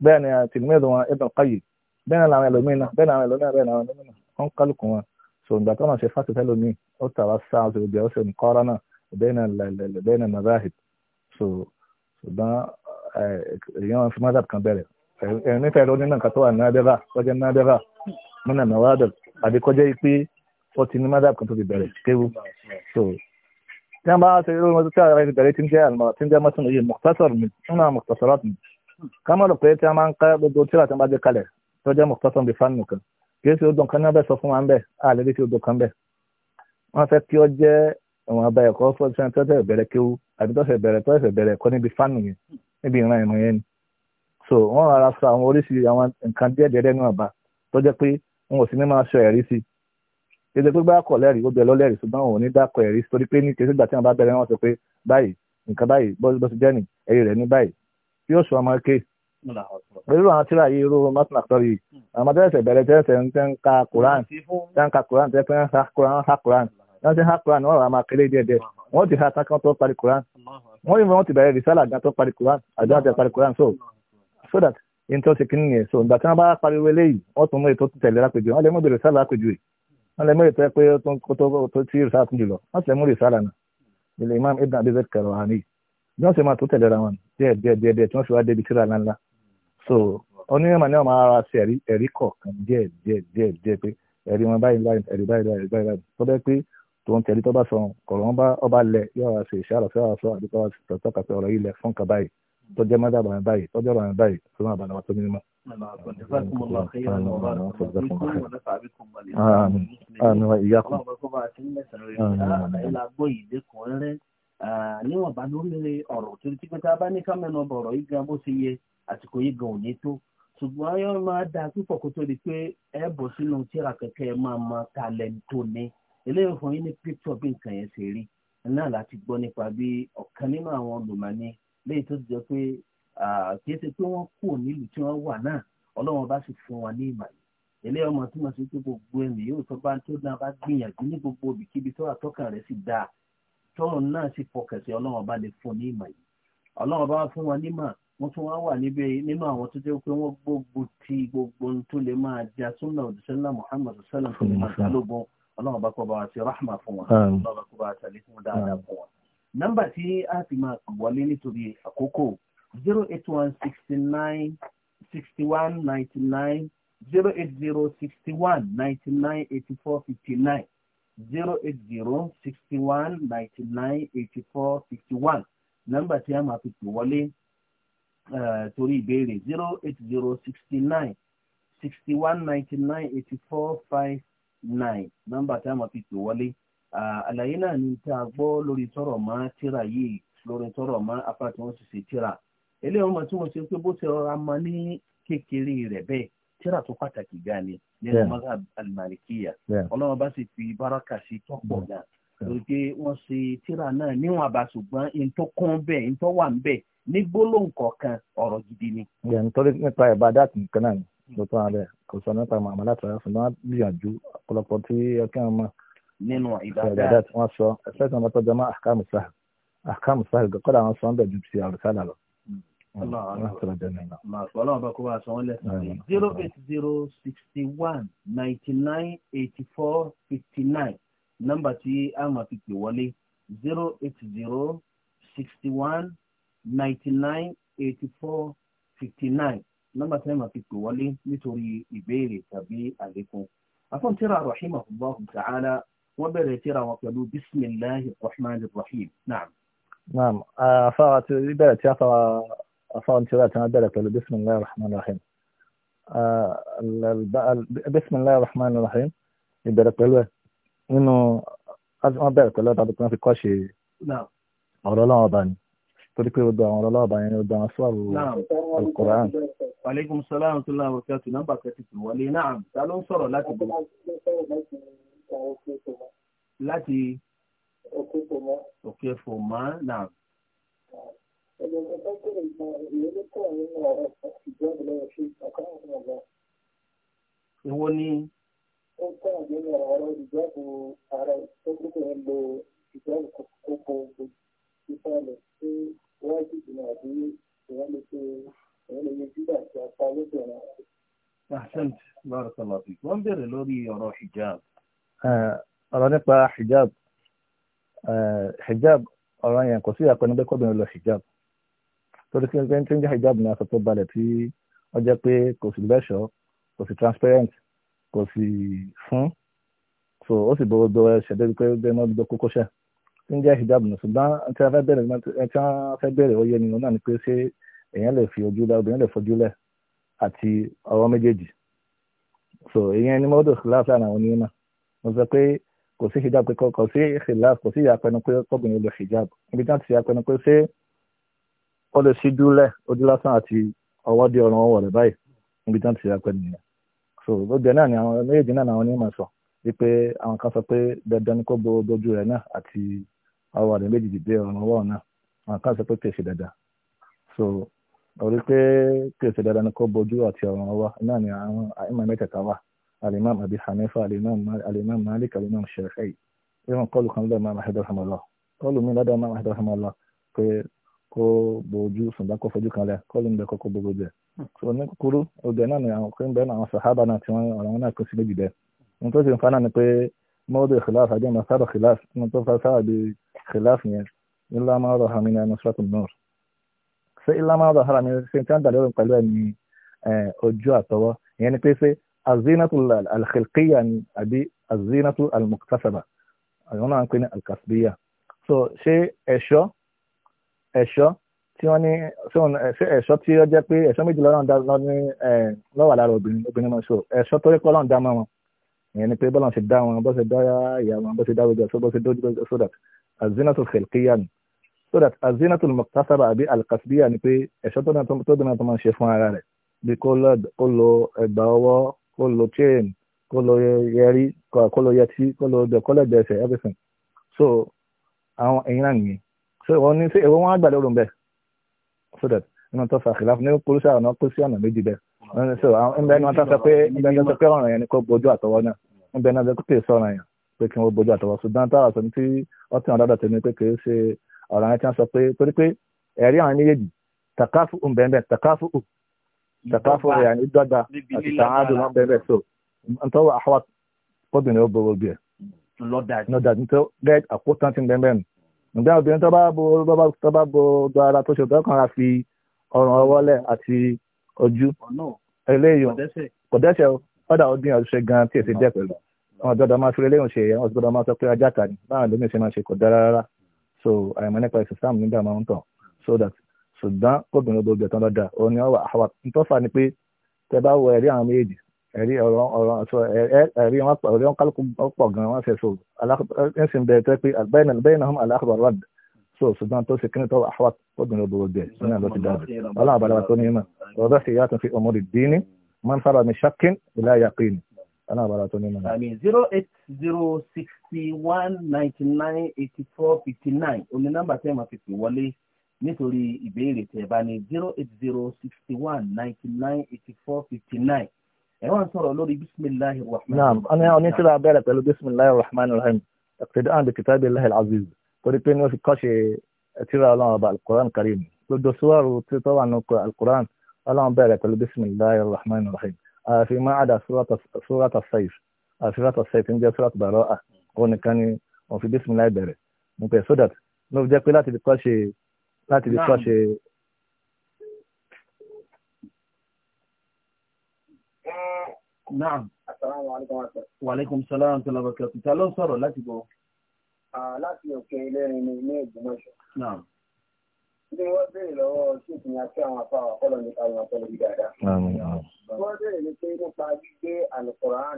بين تلميذه ابن القيم بين العلمين بين العلماء بين العلماء هم قالوا لكم سون ده كما شيخ فاتت قال لي قلت بس عاوز مقارنه بين بين المذاهب سو ده اليوم آه، في مذهب كامبيرا nífẹ̀ẹ́ lọ́dún náà kàtọ́ wà nábẹ́rà kọjá nábẹ́rà mọ́nà nàwádọ̀ àbí kọjá pé wọ́n ti ní mádàb kan tó ti bẹ̀rẹ̀ kéwu so tí wọ́n bá ṣe irú wọn tí ara ti bẹ̀rẹ̀ tí ń jẹ́ àlùmọ̀ tí ń jẹ́ mọ́tún yìí mọ̀tàṣọ̀r mi ń náà mọ̀tàṣọ̀rọ̀ mi ká má lọ pé tí wọ́n máa ń ká gbogbo tí wọ́n bá dé kalẹ̀ tó jẹ́ mọ̀tàṣọ̀r mi fánù kan kì kí so wọ́n rárá sọ àwọn oríṣiríṣi àwọn nǹkan díẹ̀ díẹ̀ náà bá tó jẹ́ pé wọn ò sì ní máa sọ ẹ̀rí sí i ètò pé bá kọ̀ lẹ́rìí ó bẹ̀ lọ lẹ́rìí ṣùgbọ́n òun ò ní dákọ̀ ẹ̀rí torí pé ní kí sígbà tí wọn bá bẹ̀rẹ̀ wọn sọ pé báyìí nǹkan báyìí bó ti jẹ́ nì ẹ̀rí rẹ̀ ní báyìí tí ó sọ ọmọ ké pẹ̀lú àwọn tíra yìí irú martin àtọ́rí àwọn tẹ́lẹ̀sẹ̀ bẹ̀rẹ̀ tẹ́lẹ̀sẹ̀ ń tẹ́ ń ka Quran tẹ́ ń ka Quran tẹ́ fẹ́ ń ha Quran ha Quran wọ́n ti ha Quran wọ́n wà máa kéré díẹ̀díẹ̀ wọ́n ti ha tán kí wọ́n tó parí Quran wọ́n yìí wọ́n ti bẹ̀rẹ̀ rìsálà gan tó parí Quran àjọ àti parí Quran so so that in tó ṣe kínní yẹn so ìgbà tí wọ́n bá pariwo eléyìí wọ́n tún mú ètò tẹ̀lé lápèjì wọ́n lè mú ìbèrè sáàlà lápèjì wọ́n lè mú ètò ẹ pé tó tí ìrìsà tún jùlọ wọ́n sì lè mú ìrìsà lànà ilẹ̀ imam ibn abi zayd Karahani bí wọ́n ṣe máa tó tẹ̀lé ra wọn díẹ̀ díẹ̀ díẹ̀ díẹ̀ tí wọ́n fi wá débi tíra ńláńlá so onímọ̀ náà máa ra sí ẹ̀rí ẹ̀rí kọ̀ọ̀kan díẹ̀ díẹ̀ díẹ̀ díẹ̀ pé ẹ̀rí wọn báyìí báyìí ẹ̀rí báyìí báyìí báyìí tó bẹ́ẹ̀ pé tòun tẹ̀lé tó bá sọ kọ̀ọ̀rọ̀ wọn bá ọba lẹ̀ yóò wá sí ìṣàlọ̀ sí àwọn àdúgbò wa tọ́ka pé ọ̀rọ̀ yìí lẹ̀ fún kàbáyìí tọ́jọ́ má dàbà báyìí tọ́jọ́ bàbá báyìí fún àbàlà wa tó mímọ́. àmì wa ìyá kan. níwọ̀n bá lórí ọ̀rọ̀ torí tí pẹ́ta bá ní kámẹ́nà bọ̀rọ̀ yìí gan bó ṣe yẹ àsìkò yìí gan ò ní tó ṣùgbọ́n ayọ́ máa da púpọ̀ kó tó di pé ẹ bọ̀ sínú tíra kẹ̀kẹ́ ẹ máa mọ tàlẹ́ǹtò ní eléyìí fún yín ní píktọ̀ bí nǹkan yẹn ṣe rí náà láti gbọ́ nípa bí ọ̀kan nínú àwọn olùmọ̀ ní léyìí tó ti a pé kìí ṣe pé wọ́n kù nílùú tí wọ́n wà náà ọlọ́run bá sì fún wọn ní ìmọ̀ yìí eléyìí ọmọ túmọ̀ sí pé gbogbo ẹ̀mí yóò tó bá tó náà bá gbìyànjú ní gbogbo ibikíbi tó wà tọ́kàn rẹ̀ sì dáa tọ́run náà sì fọkàn sí ọlọ́run bá lè fún ní ìmọ̀ yìí bá fún wọn nímọ̀ tún wá wà níbẹ̀ nínú àwọn tó jẹ́ pé wọ́n gbogbo ti gbogbo tó lè máa nọ́mbà tí a ti máa pè wọlé nítorí àkókò zero eight one sixty nine sixty one ninety nine zero eight zero sixty one ninety nine eighty four fifty nine zero eight zero sixty one ninety nine eighty four fifty one nọ́mbà tí a máa fi pè wọlé torí ìbéèrè zero eight zero sixty nine sixty one ninety nine eighty four five nine nọ́mbà tí a máa fi pè wọlé àlàyé náà ni tá a gbọ́ lórí tọrọ mọ́ tíra yìí lórí tọrọ mọ́ apá tí wọ́n sì ṣe tíra eléyìí ọmọ tí mo ṣe pé bó ti rọra mọ ní kékeré rẹ̀ bẹ́ẹ̀ tíra tó pàtàkì gan ni nínú mọ́gà alimalikiya ọlọ́run bá sì fi báraka sí tọ́pọ̀ gan lórí pé wọ́n ṣe tíra náà níwọ̀n àbá ṣùgbọ́n ìntọ́ kún bẹ́ẹ̀ ìntọ́ wà bẹ́ẹ̀ ní gbólóhùn kọ̀ọ̀kan ọ̀rọ̀ gidi ni. nítorí nípa ìbádà kan náà ló tán abẹ kò sọ nípa màmá látara fún wọn nínú ìbádà tí wọ́n sọ ẹ̀fẹ́ tí wọ́n tọ́jú ọmọ àkàmù sáà àkàmù sáà kọ́dà wọn sọ ń bẹ̀ ju ti àrùsálà lọ. ọlọ́run bá kó wa sọ wọ́n lẹ́sìn zero eight zero sixty one ninety nine eighty four fifty nine nọ́mbà tí a máa fi pè wọlé zero eight zero sixty one ninety nine eighty four fifty nine nọ́mbà tí a máa fi pè wọlé nítorí ìbéèrè tàbí àlékún. afọ́n tíra rahimahullahu ta'ala وبرتيرا وقلو بسم الله الرحمن الرحيم نعم نعم أفرت بلت يا ترى أفرت بلت أنا بلت بسم الله الرحمن الرحيم بسم الله الرحمن الرحيم يبرت له إنه أز ما بلت له بعد كنا في كوشي نعم أورلا أبان تذكر ودا أورلا أبان يعني ودا أسوار القرآن وعليكم السلام ورحمة الله وبركاته نعم بكتي ولي نعم تعالوا صلوا لا تبغوا láti òkè fòmá náà. Èwo ni? Ó kọ́ àgbẹ̀yìn ọ̀rọ̀ ìjáàbò ara ìtọ́kùnkùn ń lo ìjáàbò kókó ìfọ̀lẹ̀ tí wọ́n ti dìnnà àbí ìwọ́n lè ṣe ìwọ́n lè yẹ jíjà àti apá lóbìnrin. Ahsant, barakallahu fik. Wọ́n bẹ̀rẹ̀ lórí ọ̀rọ̀ hijab. Eh, ọ̀rọ̀ nípa hijab eh, hijab ọ̀rọ̀ yẹn kò sí àpẹnu pé kọ́bìnrin lọ hijab torí kí n tí ń jẹ́ hijab ní aṣọ tó balẹ̀ tí ó jẹ́ pé kò sí lẹ́ṣọ̀ kò sí transparent kò sí fún so ó sì bọ̀wọ̀ bọ̀wọ̀ ẹ̀ṣẹ̀ débi pé bẹ́ẹ̀ náà gbọ́ kókó ṣẹ̀ tí ń jẹ́ hijab nù ṣùgbọ́n tí a fẹ́ bẹ̀rẹ̀ tí a fẹ́ bẹ̀rẹ̀ ó yẹ nínú náà ni pé ṣé èèyàn lè fi ojú lẹ̀ obìnrin lè fojú lẹ̀ àti ọwọ́ méjèèjì so ìyẹn ni mọ́tò láàfin àwọn onímọ̀ mo sọ pé kò sí hijab pé kò sí khilaf kò sí ìyapẹnu pé kọ́bìnrin lo hijab ibi tí wọ́n ti yàpẹnu pé ṣé ó lè ṣí dúlẹ̀ ojú lásán àti ọwọ́ dé ọ̀rùn ọwọ́ rẹ̀ báyìí ibi tí wọ́n ti yàpẹnu nìyẹn so gbogbo náà ni àwọn méjèèjì náà làwọn onímọ̀ sọ wípé àwọn kan sọ pé dandan ni kó bo dojú rẹ̀ náà àti ọwọ́ rẹ̀ méjèèjì dé ọ̀rùn ọwọ́ náà àwọn kan sọ pé kèsì dandan so orí pé kèsì dandan ni kó bojú àti ọ̀rùn ọwọ́ náà ni àwọn àìmọ̀ mẹ́tẹ̀ẹ̀ta wà الإمام أبي حنيفة الإمام الإمام مالك الإمام الشافعي إذا قالوا كان لدى الإمام أحمد رحمه الله قالوا من لدى الإمام أحمد رحمه الله pé kó bojú sùndá kó fojú kan lẹ̀ kó ló ń bẹ kókó gbogbo jẹ so ní kúkúrú obìnrin náà ni àwọn pé ń bẹ náà àwọn sàhábà náà tí wọn àwọn náà kó sí méjì bẹ ohun tó sì ń fa náà ni pé mọ́ọ̀dù khilaf àjọ máa sábà khilaf ohun tó fa sábà di khilaf yẹn illa ma ọ̀rọ̀ hàmì ní nusrat nur ṣé illa ma ọ̀rọ̀ hàmì ṣe ń tí wọ́n dà lérò pẹ̀lú ẹ̀ ní ojú àtọwọ́ ìyẹn ni pé ṣé الزينة الخلقية ni الزينة المكتسبة almuktasaba àwọn náà so شيء ẹ̀ṣọ́ ẹ̀ṣọ́ tí wọ́n ní ṣé ẹ̀ṣọ́ tí ó jẹ́ pé ẹ̀ṣọ́ méjì lọ́rùn dá ní lọ́wọ́ lára obìnrin obìnrin náà ṣò ẹ̀ṣọ́ tó yẹ kọ́ lọ́rùn dá mọ́ wọn ìyẹn ni pé bọ́lá ṣe dá wọn bó ṣe dá ìyá wọn bó ṣe dá ojú ọ̀ṣọ́ bó ṣe dójú ọ̀ṣọ́ so that azinatu khilkiya ni so that azinatu muktasaba àbí alkasbiya ni pé ẹ̀ṣọ́ tó dùn náà tó máa ṣe fún ara rẹ̀ bí kó lo ẹ̀gbà ọwọ́ kó lo chain kó lo yẹrí kó lo yẹtí kó lo dẹ̀kọ́lẹ̀dẹ̀ ẹsẹ̀ everything so àwọn ẹ̀yin náà nìyẹn so wọ́n ní sí ẹ̀wọ́n wọn àgbàdo rò ń bẹ̀ so that iná tó fàkìlá fún ní polúṣà ọ̀nà kó sí ọ̀nà méjì bẹ́ẹ̀ so ẹ̀ńbẹ́ ni wọ́n tán sọ pé ẹ̀ńbẹ́ ni wọ́n sọ pé ọ̀ràn yẹn ni kó bojú àtọwọ́ náà ẹ̀ńbẹ́ ni wọ́n sọ pé sọ̀ràn yẹn pé kí wọ́n bojú àtọwọ́ ṣùgbọ́n táwọn sọ tí wọ́n ti hàn dáadáa tẹ̀lé pé kì í ṣe ọ̀ràn yẹn tí wọ́n sọ pé torí pé ẹ̀rí àwọn méjèèjì takafu ń bẹ́ẹ̀ تكافؤ يعني الدودا التعادل ما بين سو انت هو احوط قد من يوبو بيه lọ dájú. lọ dájú tó get àkótán ti ń bẹ́ẹ̀ bẹ́ẹ̀ nù. ǹjẹ́ obìnrin tó bá bo bá tó bá bo do ara tó ṣe tọ́kàn ra fi ọrùn ọwọ́ lẹ̀ àti ojú. eléyìí kò dẹ́sẹ̀ o ọ̀dà ọdún yẹn ṣe gan tí èsì jẹ́ pẹ̀lú. wọn gbọ́dọ̀ máa fi eléyìí ṣe yẹn wọn gbọ́dọ̀ máa sọ pé ajá kan ní báwọn lómi ṣe máa ṣe kò dára rárá. so àìmọ̀ nípa ìsìn sáàmù nígbà máa ń tàn so that ṣùgbọ́n kóbìnrin gbogbo ẹ̀tàn lọ́dà òun ni wọ́n wà àwọn ntọ́fà ni pé tẹ bá wọ ẹ̀rí àwọn méjì ẹ̀rí ọ̀rọ̀ ọ̀rọ̀ ẹ̀rí wọn kálukú pọ̀ gan wọn fẹ́ so ẹ̀sìn bẹ̀rẹ̀ tẹ́ pé bẹ́ẹ̀ náà aláàbọ̀ rọ̀d so ṣùgbọ́n tó ṣe kíni tó wà àwọn kóbìnrin gbogbo ẹ̀ sọ́nà ló ti dáàbò ọlọ́run àbálẹ̀ wa tó ní ìmọ̀ ọ̀dọ́ sì yàtọ̀ fi ọmọ dìní man sábà mi ṣakin ìlà yaqin ọlọ́run àbálẹ̀ wa tó ní ìmọ̀. àmì zero eight zero sixty one ninety nine eighty four fifty nine oní tẹ́ máa fi pè wọlé nítorí ìbéèrè tẹ̀ bá ní zero eight zero sixty one ninety nine eighty four fifty nine ẹ̀rọ ń sọ̀rọ̀ lórí bisimilahi rahman. naam ọ̀nà onítìlá abẹ́rẹ́ pẹ̀lú bisimilahi rahman rahim ẹ̀kẹ́dẹ́ àwọn bìkítàbí lahi aziz torí pé ní wọ́n fi kọ́ṣe ẹ̀tìrà ọlọ́run ọba alukoran karim gbogbo sùwárù tí tó wà nínú alukoran ọlọ́run bẹ̀rẹ̀ pẹ̀lú bisimilahi rahman rahim àfi má àdà sùwárà saif àfihàn saif ń jẹ́ sùwárà bàrọ́ à nìkan ni láti lè tọ́ṣe. Naam. Wàlékún sọ́lá àwọn tọ́lá bàkà tó ta ló ń sọ̀rọ̀ láti bọ̀. Láti òkè ilẹ́rin ní ilé ìgbìmọ̀ṣọ́. Naam. Ní wọ́n béèrè lọ́wọ́ ṣèkì ní àti àwọn afá àkọlọ̀ ní àwọn àkọlọ̀ bí dáadáa. Wọ́n béèrè ní pé nípa gbígbé àlùkòrán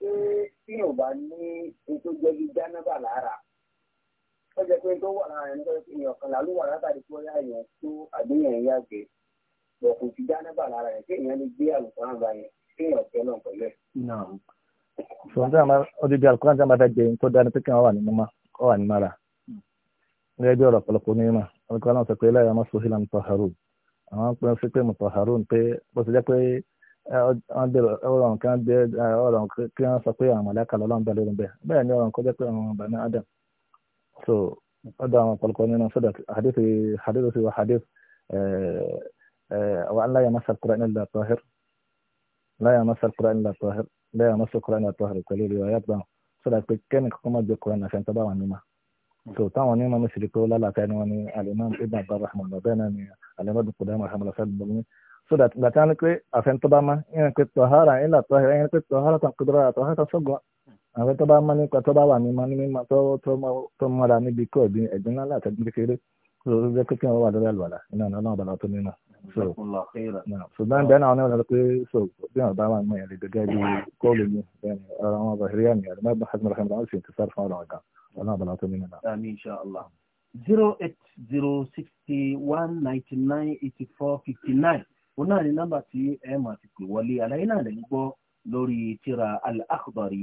ṣé tí ò bá ní ètò jẹ́ jánábà lára ó jẹ́ pé tó wà lára ẹni tó fi yàn kan làlú wà látàrí tó yá èèyàn tó àgbéyàn ń yàgbé bọ̀ kò ti dá nábà lára ẹ̀ kéèyàn lè gbé àlùkòrán ba yẹn kéèyàn fẹ́ náà pẹ̀lú ẹ̀. sọ̀rọ̀ tí a máa ó di bí àlùkòrán tí a máa fẹ́ jẹ ní tó dáni pé kí wọ́n wà ní mímọ́ kọ́ wà ní mara hmm. gẹ́gẹ́ bí ọ̀rọ̀ ọ̀pọ̀lọpọ̀ ní mímọ́ àlùkòrán náà sọ pé láyé ọmọ sọ́hílà mùtọ̀hárù àwọn pé ṣe pé mùtọ̀hárù pé bó ti jẹ́ pé ọ̀rọ̀ kan sọ pé àwọn mọ̀lẹ́kà lọ́lọ́ so ọ̀dọ̀ àwọn ọ̀pọ̀lọpọ̀ nínú sọ́dọ̀ hadith hadith sí wa hadith eh, wa eh, an la yamassa al-Qur'an illa tahir la yamassa al-Qur'an illa tahir la yamassa al-Qur'an illa tahir pẹ̀lú riwayat bá wọn sọ́dọ̀ pé kẹ́ni kọ́kọ́ Qur'an náà fẹ́ntọ́ bá wọn so táwọn onímọ̀ mi sì rí pé ó lálàáfíà ni wọ́n ní alimam ibn abdul rahman ọ̀bẹ́ náà ni so that gbàtà ni pé àfẹ́ntọ́ bá má ìyẹn pé tọ́hárà ìlà tọ́hárà ìyẹn pé tọ́hárà tán kudura tọ́hárà àwọn tó bá mọ́ nípa tó bá wà ní mímọ́ tó mọ́ra níbi kọ́ ẹ̀gbin ńlá àtẹ̀gbin kékeré tó jẹ́ pé kí wọ́n wà lórí àlùwàlà iná náà bàlá tó nínú. ṣùgbọ́n bẹ́ẹ̀ náà wọ́n ní pé so bí wọ́n bá wà mọ́ ẹ̀rí gẹ́gẹ́ bí kóòlù ní ọ̀rọ̀ wọn bá hìrìyà ní ẹ̀rí mẹ́bà hàzmọ̀ rahim rahim sì ti sáré fún ọ̀rọ̀ ọ̀gá ọ̀nà bàlá tó nínú. àmín insha Allah zero eight zero sixty one ninety nine eighty four fifty nine òun náà ni nọ́mbà tí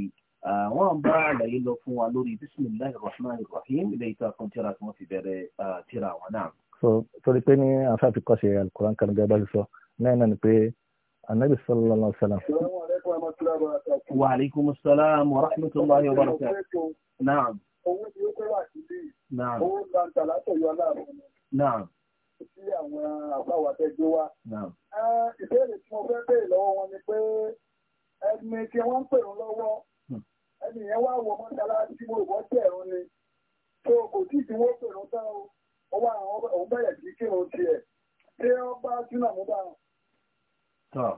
ẹ Ah, wọ́n ń bá àlàyé lọ fún wa lórí bisimilahi rahman rahim ilé ìta kan tíra tí wọ́n fi bẹ̀rẹ̀ tíra wọn náà. so torí pé ní afáàfi kọ́sẹ̀ alukoran kan gẹ́gẹ́ bá ti sọ náà náà pé anabi sallallahu alaihi wasallam. wa aleykum salaam wa rahmatulahi wa barakatuh. naam. owó ti ó kọ́ wà síbí. naam. owó ń gbàǹtà látọ̀ yọ láàrin. naam sí àwọn àbáwà tẹjọ wa. Ah, ìbéèrè tí mo fẹ́ béèrè lọ́wọ́ wọn ni pé ẹni tí wọ́n ń pè ń lọ́wọ́ ẹni yẹn wá wọ mọ́tàlá tí mo wọ́ tẹ̀rún ni tó kò tí ì ti wọ́n pè lọ́tà o ó wà òun bẹ̀rẹ̀ sí kírun tiẹ̀ ṣé wọ́n bá sínú àmúbá wọn. tọ́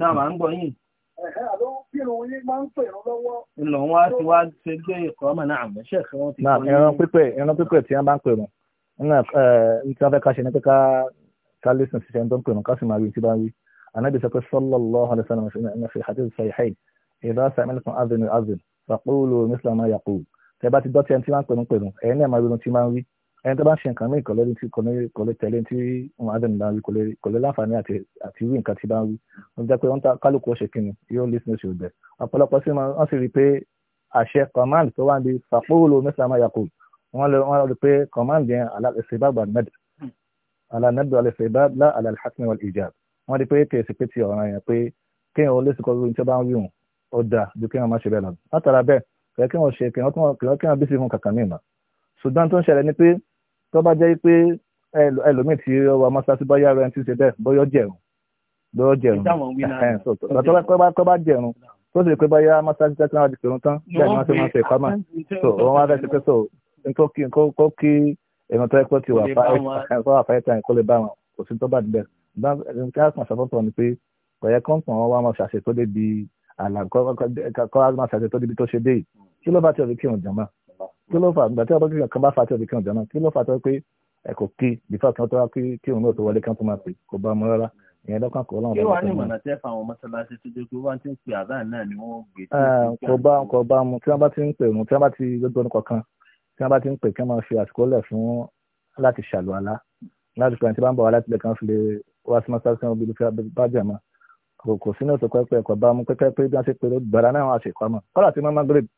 náà màá ń gbọ́ yín. Ẹ̀hẹ́ àlọ́ kírun yín máa ń pè rán lọ́wọ́. Ìlọ̀ wọn á ti wá ṣe gbé ìkọ́ ọmọ náà àmọ́ ṣe kí wọ́n ti. Náà ẹran pípẹ́ ẹran pípẹ́ tí wọ́n bá ń pè rán. Nígbà tí wọ́n fẹ́ ká ṣe ní pé ká ká lè sùn ṣiṣẹ́ tó ń pè rán ká sì máa rí tí bá ń rí. Ànábì sọ pé sallallahu alaihi wasallam ṣe ní ṣe hadith sahihain ìdá sàmìlìkùn azinu azinu fàkúrò mísìlá máa yà kúrò tẹ bá ti gbọ́ tí ẹni tí máa ń pẹ̀lú pẹ̀lú ẹ̀yin náà máa ronú tí máa ń wí ẹni tó bá ń ṣe nǹkan mí ìkọ̀lẹ́ tí kò lè tẹ̀lé tí wọn azinu bá ń wí kò lè láǹfààní àti wí nǹkan tí bá ń wí ó jẹ́ pé wọ́n ta kálukú ọ̀ṣẹ̀ kìnnì yóò lè sin oṣù bẹ̀ ọ̀pọ̀lọpọ̀ sí wọn sì rí pé àṣẹ command tó wà ní fàkúrò mísìlá máa yà kúrò wọ́n rí pé command yẹn ọ̀dà ju kí wọ́n má ṣe bẹ́ẹ̀ lọ látara bẹ́ẹ̀ kẹ́ kí wọ́n ṣe kí wọ́n kí wọ́n bí sí fún kàkà míì mà ṣùgbọ́n tó ń ṣẹlẹ̀ ni pé tó bá jẹ́ pé ẹlòmíì tí ọwọ́ amọ́sáàsì bá yára ẹni tí ń ṣe bẹ́ẹ̀ bóyá jẹ̀rùn bóyá jẹ̀rùn tó bá jẹ̀rùn tó sì pé bóyá amọ́sáàsì tẹ́tí náà di pẹ̀rún ni wọ́n ti máa ṣe ìpamọ́ so wọ́n wá fẹ́ ṣe pé so kó kí èèyàn tó yẹ kó ti wà fáyẹ́ tán kó lè bá wọn kò sí tó bá dibẹ̀ ṣùgbọ́n ẹni tí a kàn ṣàfọ́tọ̀ ni pé kò yẹ kọ́ńtàn wọn wá máa àlàkọ́ máa ṣàṣetọ́ níbi tó ṣe dé yìí kí ló fà tí ọ̀rẹ́ kí òun jàmá kí ló fà ìgbà tí ọ̀rẹ́ kan bá fà tí ọ̀rẹ́ kí òun jàmá kí ló fà tó pé ẹ kò kí bífà kí wọ́n tó wá kí òun náà tó wọlé kí wọ́n tó máa pè kó bá ọmọ rárá ìyẹn lọ́kàn kọ́ lọ́wọ́. kí wàá ní ìmọ̀nà tẹ́ fáwọn mọ́ṣáláṣí tó jẹ́ pé wọ́n ti ń pè àdáà náà ni wọ́n gbé. kò bá kò bá mu tí wọ́n bá ti ń pè mu tí wọ́n bá ti gbogbo ọ̀nà kọ̀ọ̀kan tí wọ́n bá ti ń pè kí wọ́n máa fi àsìkò lẹ̀ fún láti ṣàlùwàlá láti pè àti bá ń bọ̀ wá láti lè kàn fi lè wá sí mọ́ṣáláṣí kan bí bá jẹ̀ mọ́ kò sínú ètò pẹ́pẹ́ ẹ̀kọ́ bá mú pẹ́pẹ́ pé bí wọ́n ṣe pé gbàrà náà wọ́n á ṣe pamọ́ kọ́lá ti mọ́ magreth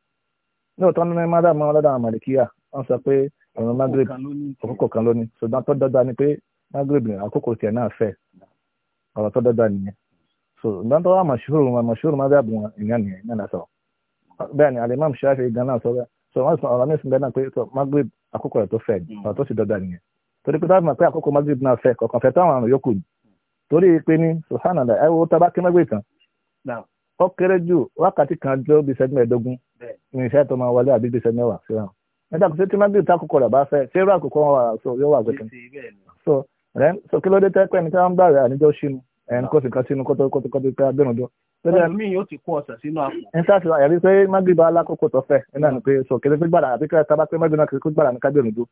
lóòótọ́ ní mádà mọ́ ọlọ́dà àwọn màlìkíyà wọ́n sọ pé ọ̀run magreth àkókò kan lónìí ṣùgbọ́n tó dọ́gba ni pé magreth ní àkókò tiẹ̀ náà fẹ́ ọ̀rọ̀ tó dọ́gba nìyẹn so ìgbọ́n tó wà mọ̀ṣúrù mọ̀ṣúrù mádà bù wọn ìyẹn nìyẹn náà sọ bẹ́ẹ̀ ni so wọ́n sọ ọ̀rọ̀ mi sùn bẹ́ẹ̀ náà pé magreth àkókò rẹ̀ tó fẹ́ ọ̀rọ̀ tó sì dọ́gba nìyẹn torí pé táwọn torí pé ní sùhánàlá ẹ wo tábà kí mẹ́gbẹ̀ẹ́ kan ó kéré jù wákàtí kan jọ bíi sẹ́gbẹ̀ẹ́ mẹ́ẹ̀ẹ́dógún ní iṣẹ́ tó máa wọlé àbí bíi sẹ́gbẹ̀ẹ́ mẹ́wàá síra nígbà tó ṣe tí mẹ́gbẹ̀ẹ́ tá kókó rẹ̀ bá fẹ́ ṣé irú àkókò wọn wà yóò wà gbẹ̀kan so rẹ̀ so kí ló dé tẹ́pẹ́ ní káwọn bàrẹ̀ àníjọ́ sínú ẹn kó sì kan sínú kótó kótó kótó pé abẹ́rùndọ́. ẹlòmí yóò ti kó ọ̀sẹ̀ sínú àpò. ẹn tá a ti yàrá pé mágbèbá alákòókò tó fẹ́ ẹ náà ni pé sọ kéde gbàdà àbí ká tábà pé mágbèbá kéde gbàdà ní kábẹ́rùndọ́.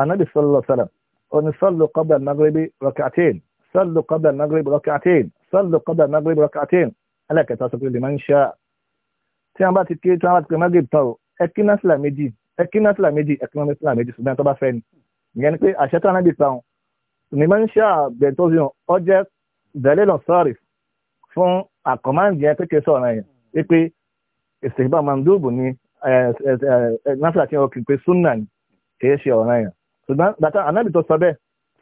anabi sọlọ sọlọ onisọlọ kọbẹ magrebi rọkàtẹ́ẹ̀nì صلوا قبل المغرب ركعتين صلوا قبل المغرب ركعتين ẹlẹ́kẹta sọ pé lè máa ń ṣá tí wọ́n bá ti ké tí wọ́n bá ti pè magrib tán o ẹ kí násìlà méjì ẹ kí násìlà méjì ẹ kí násìlà méjì ṣùgbọ́n tó bá fẹ́ ni ìyẹn ni pé àṣẹ tí wọ́n náà bí pa wọn lè máa ń ṣá bẹ̀ntó sí wọn ọ jẹ́ lọ sọ́ọ̀rì fún àkọ́máǹdì yẹn pé kí n sọ̀rọ̀ yẹn wípé ìsèkìbá mandúbù ni násìlà tí wọ́n kì í pé súnà ni kì í ṣe ọ̀ràn yẹn ṣùgbọ́n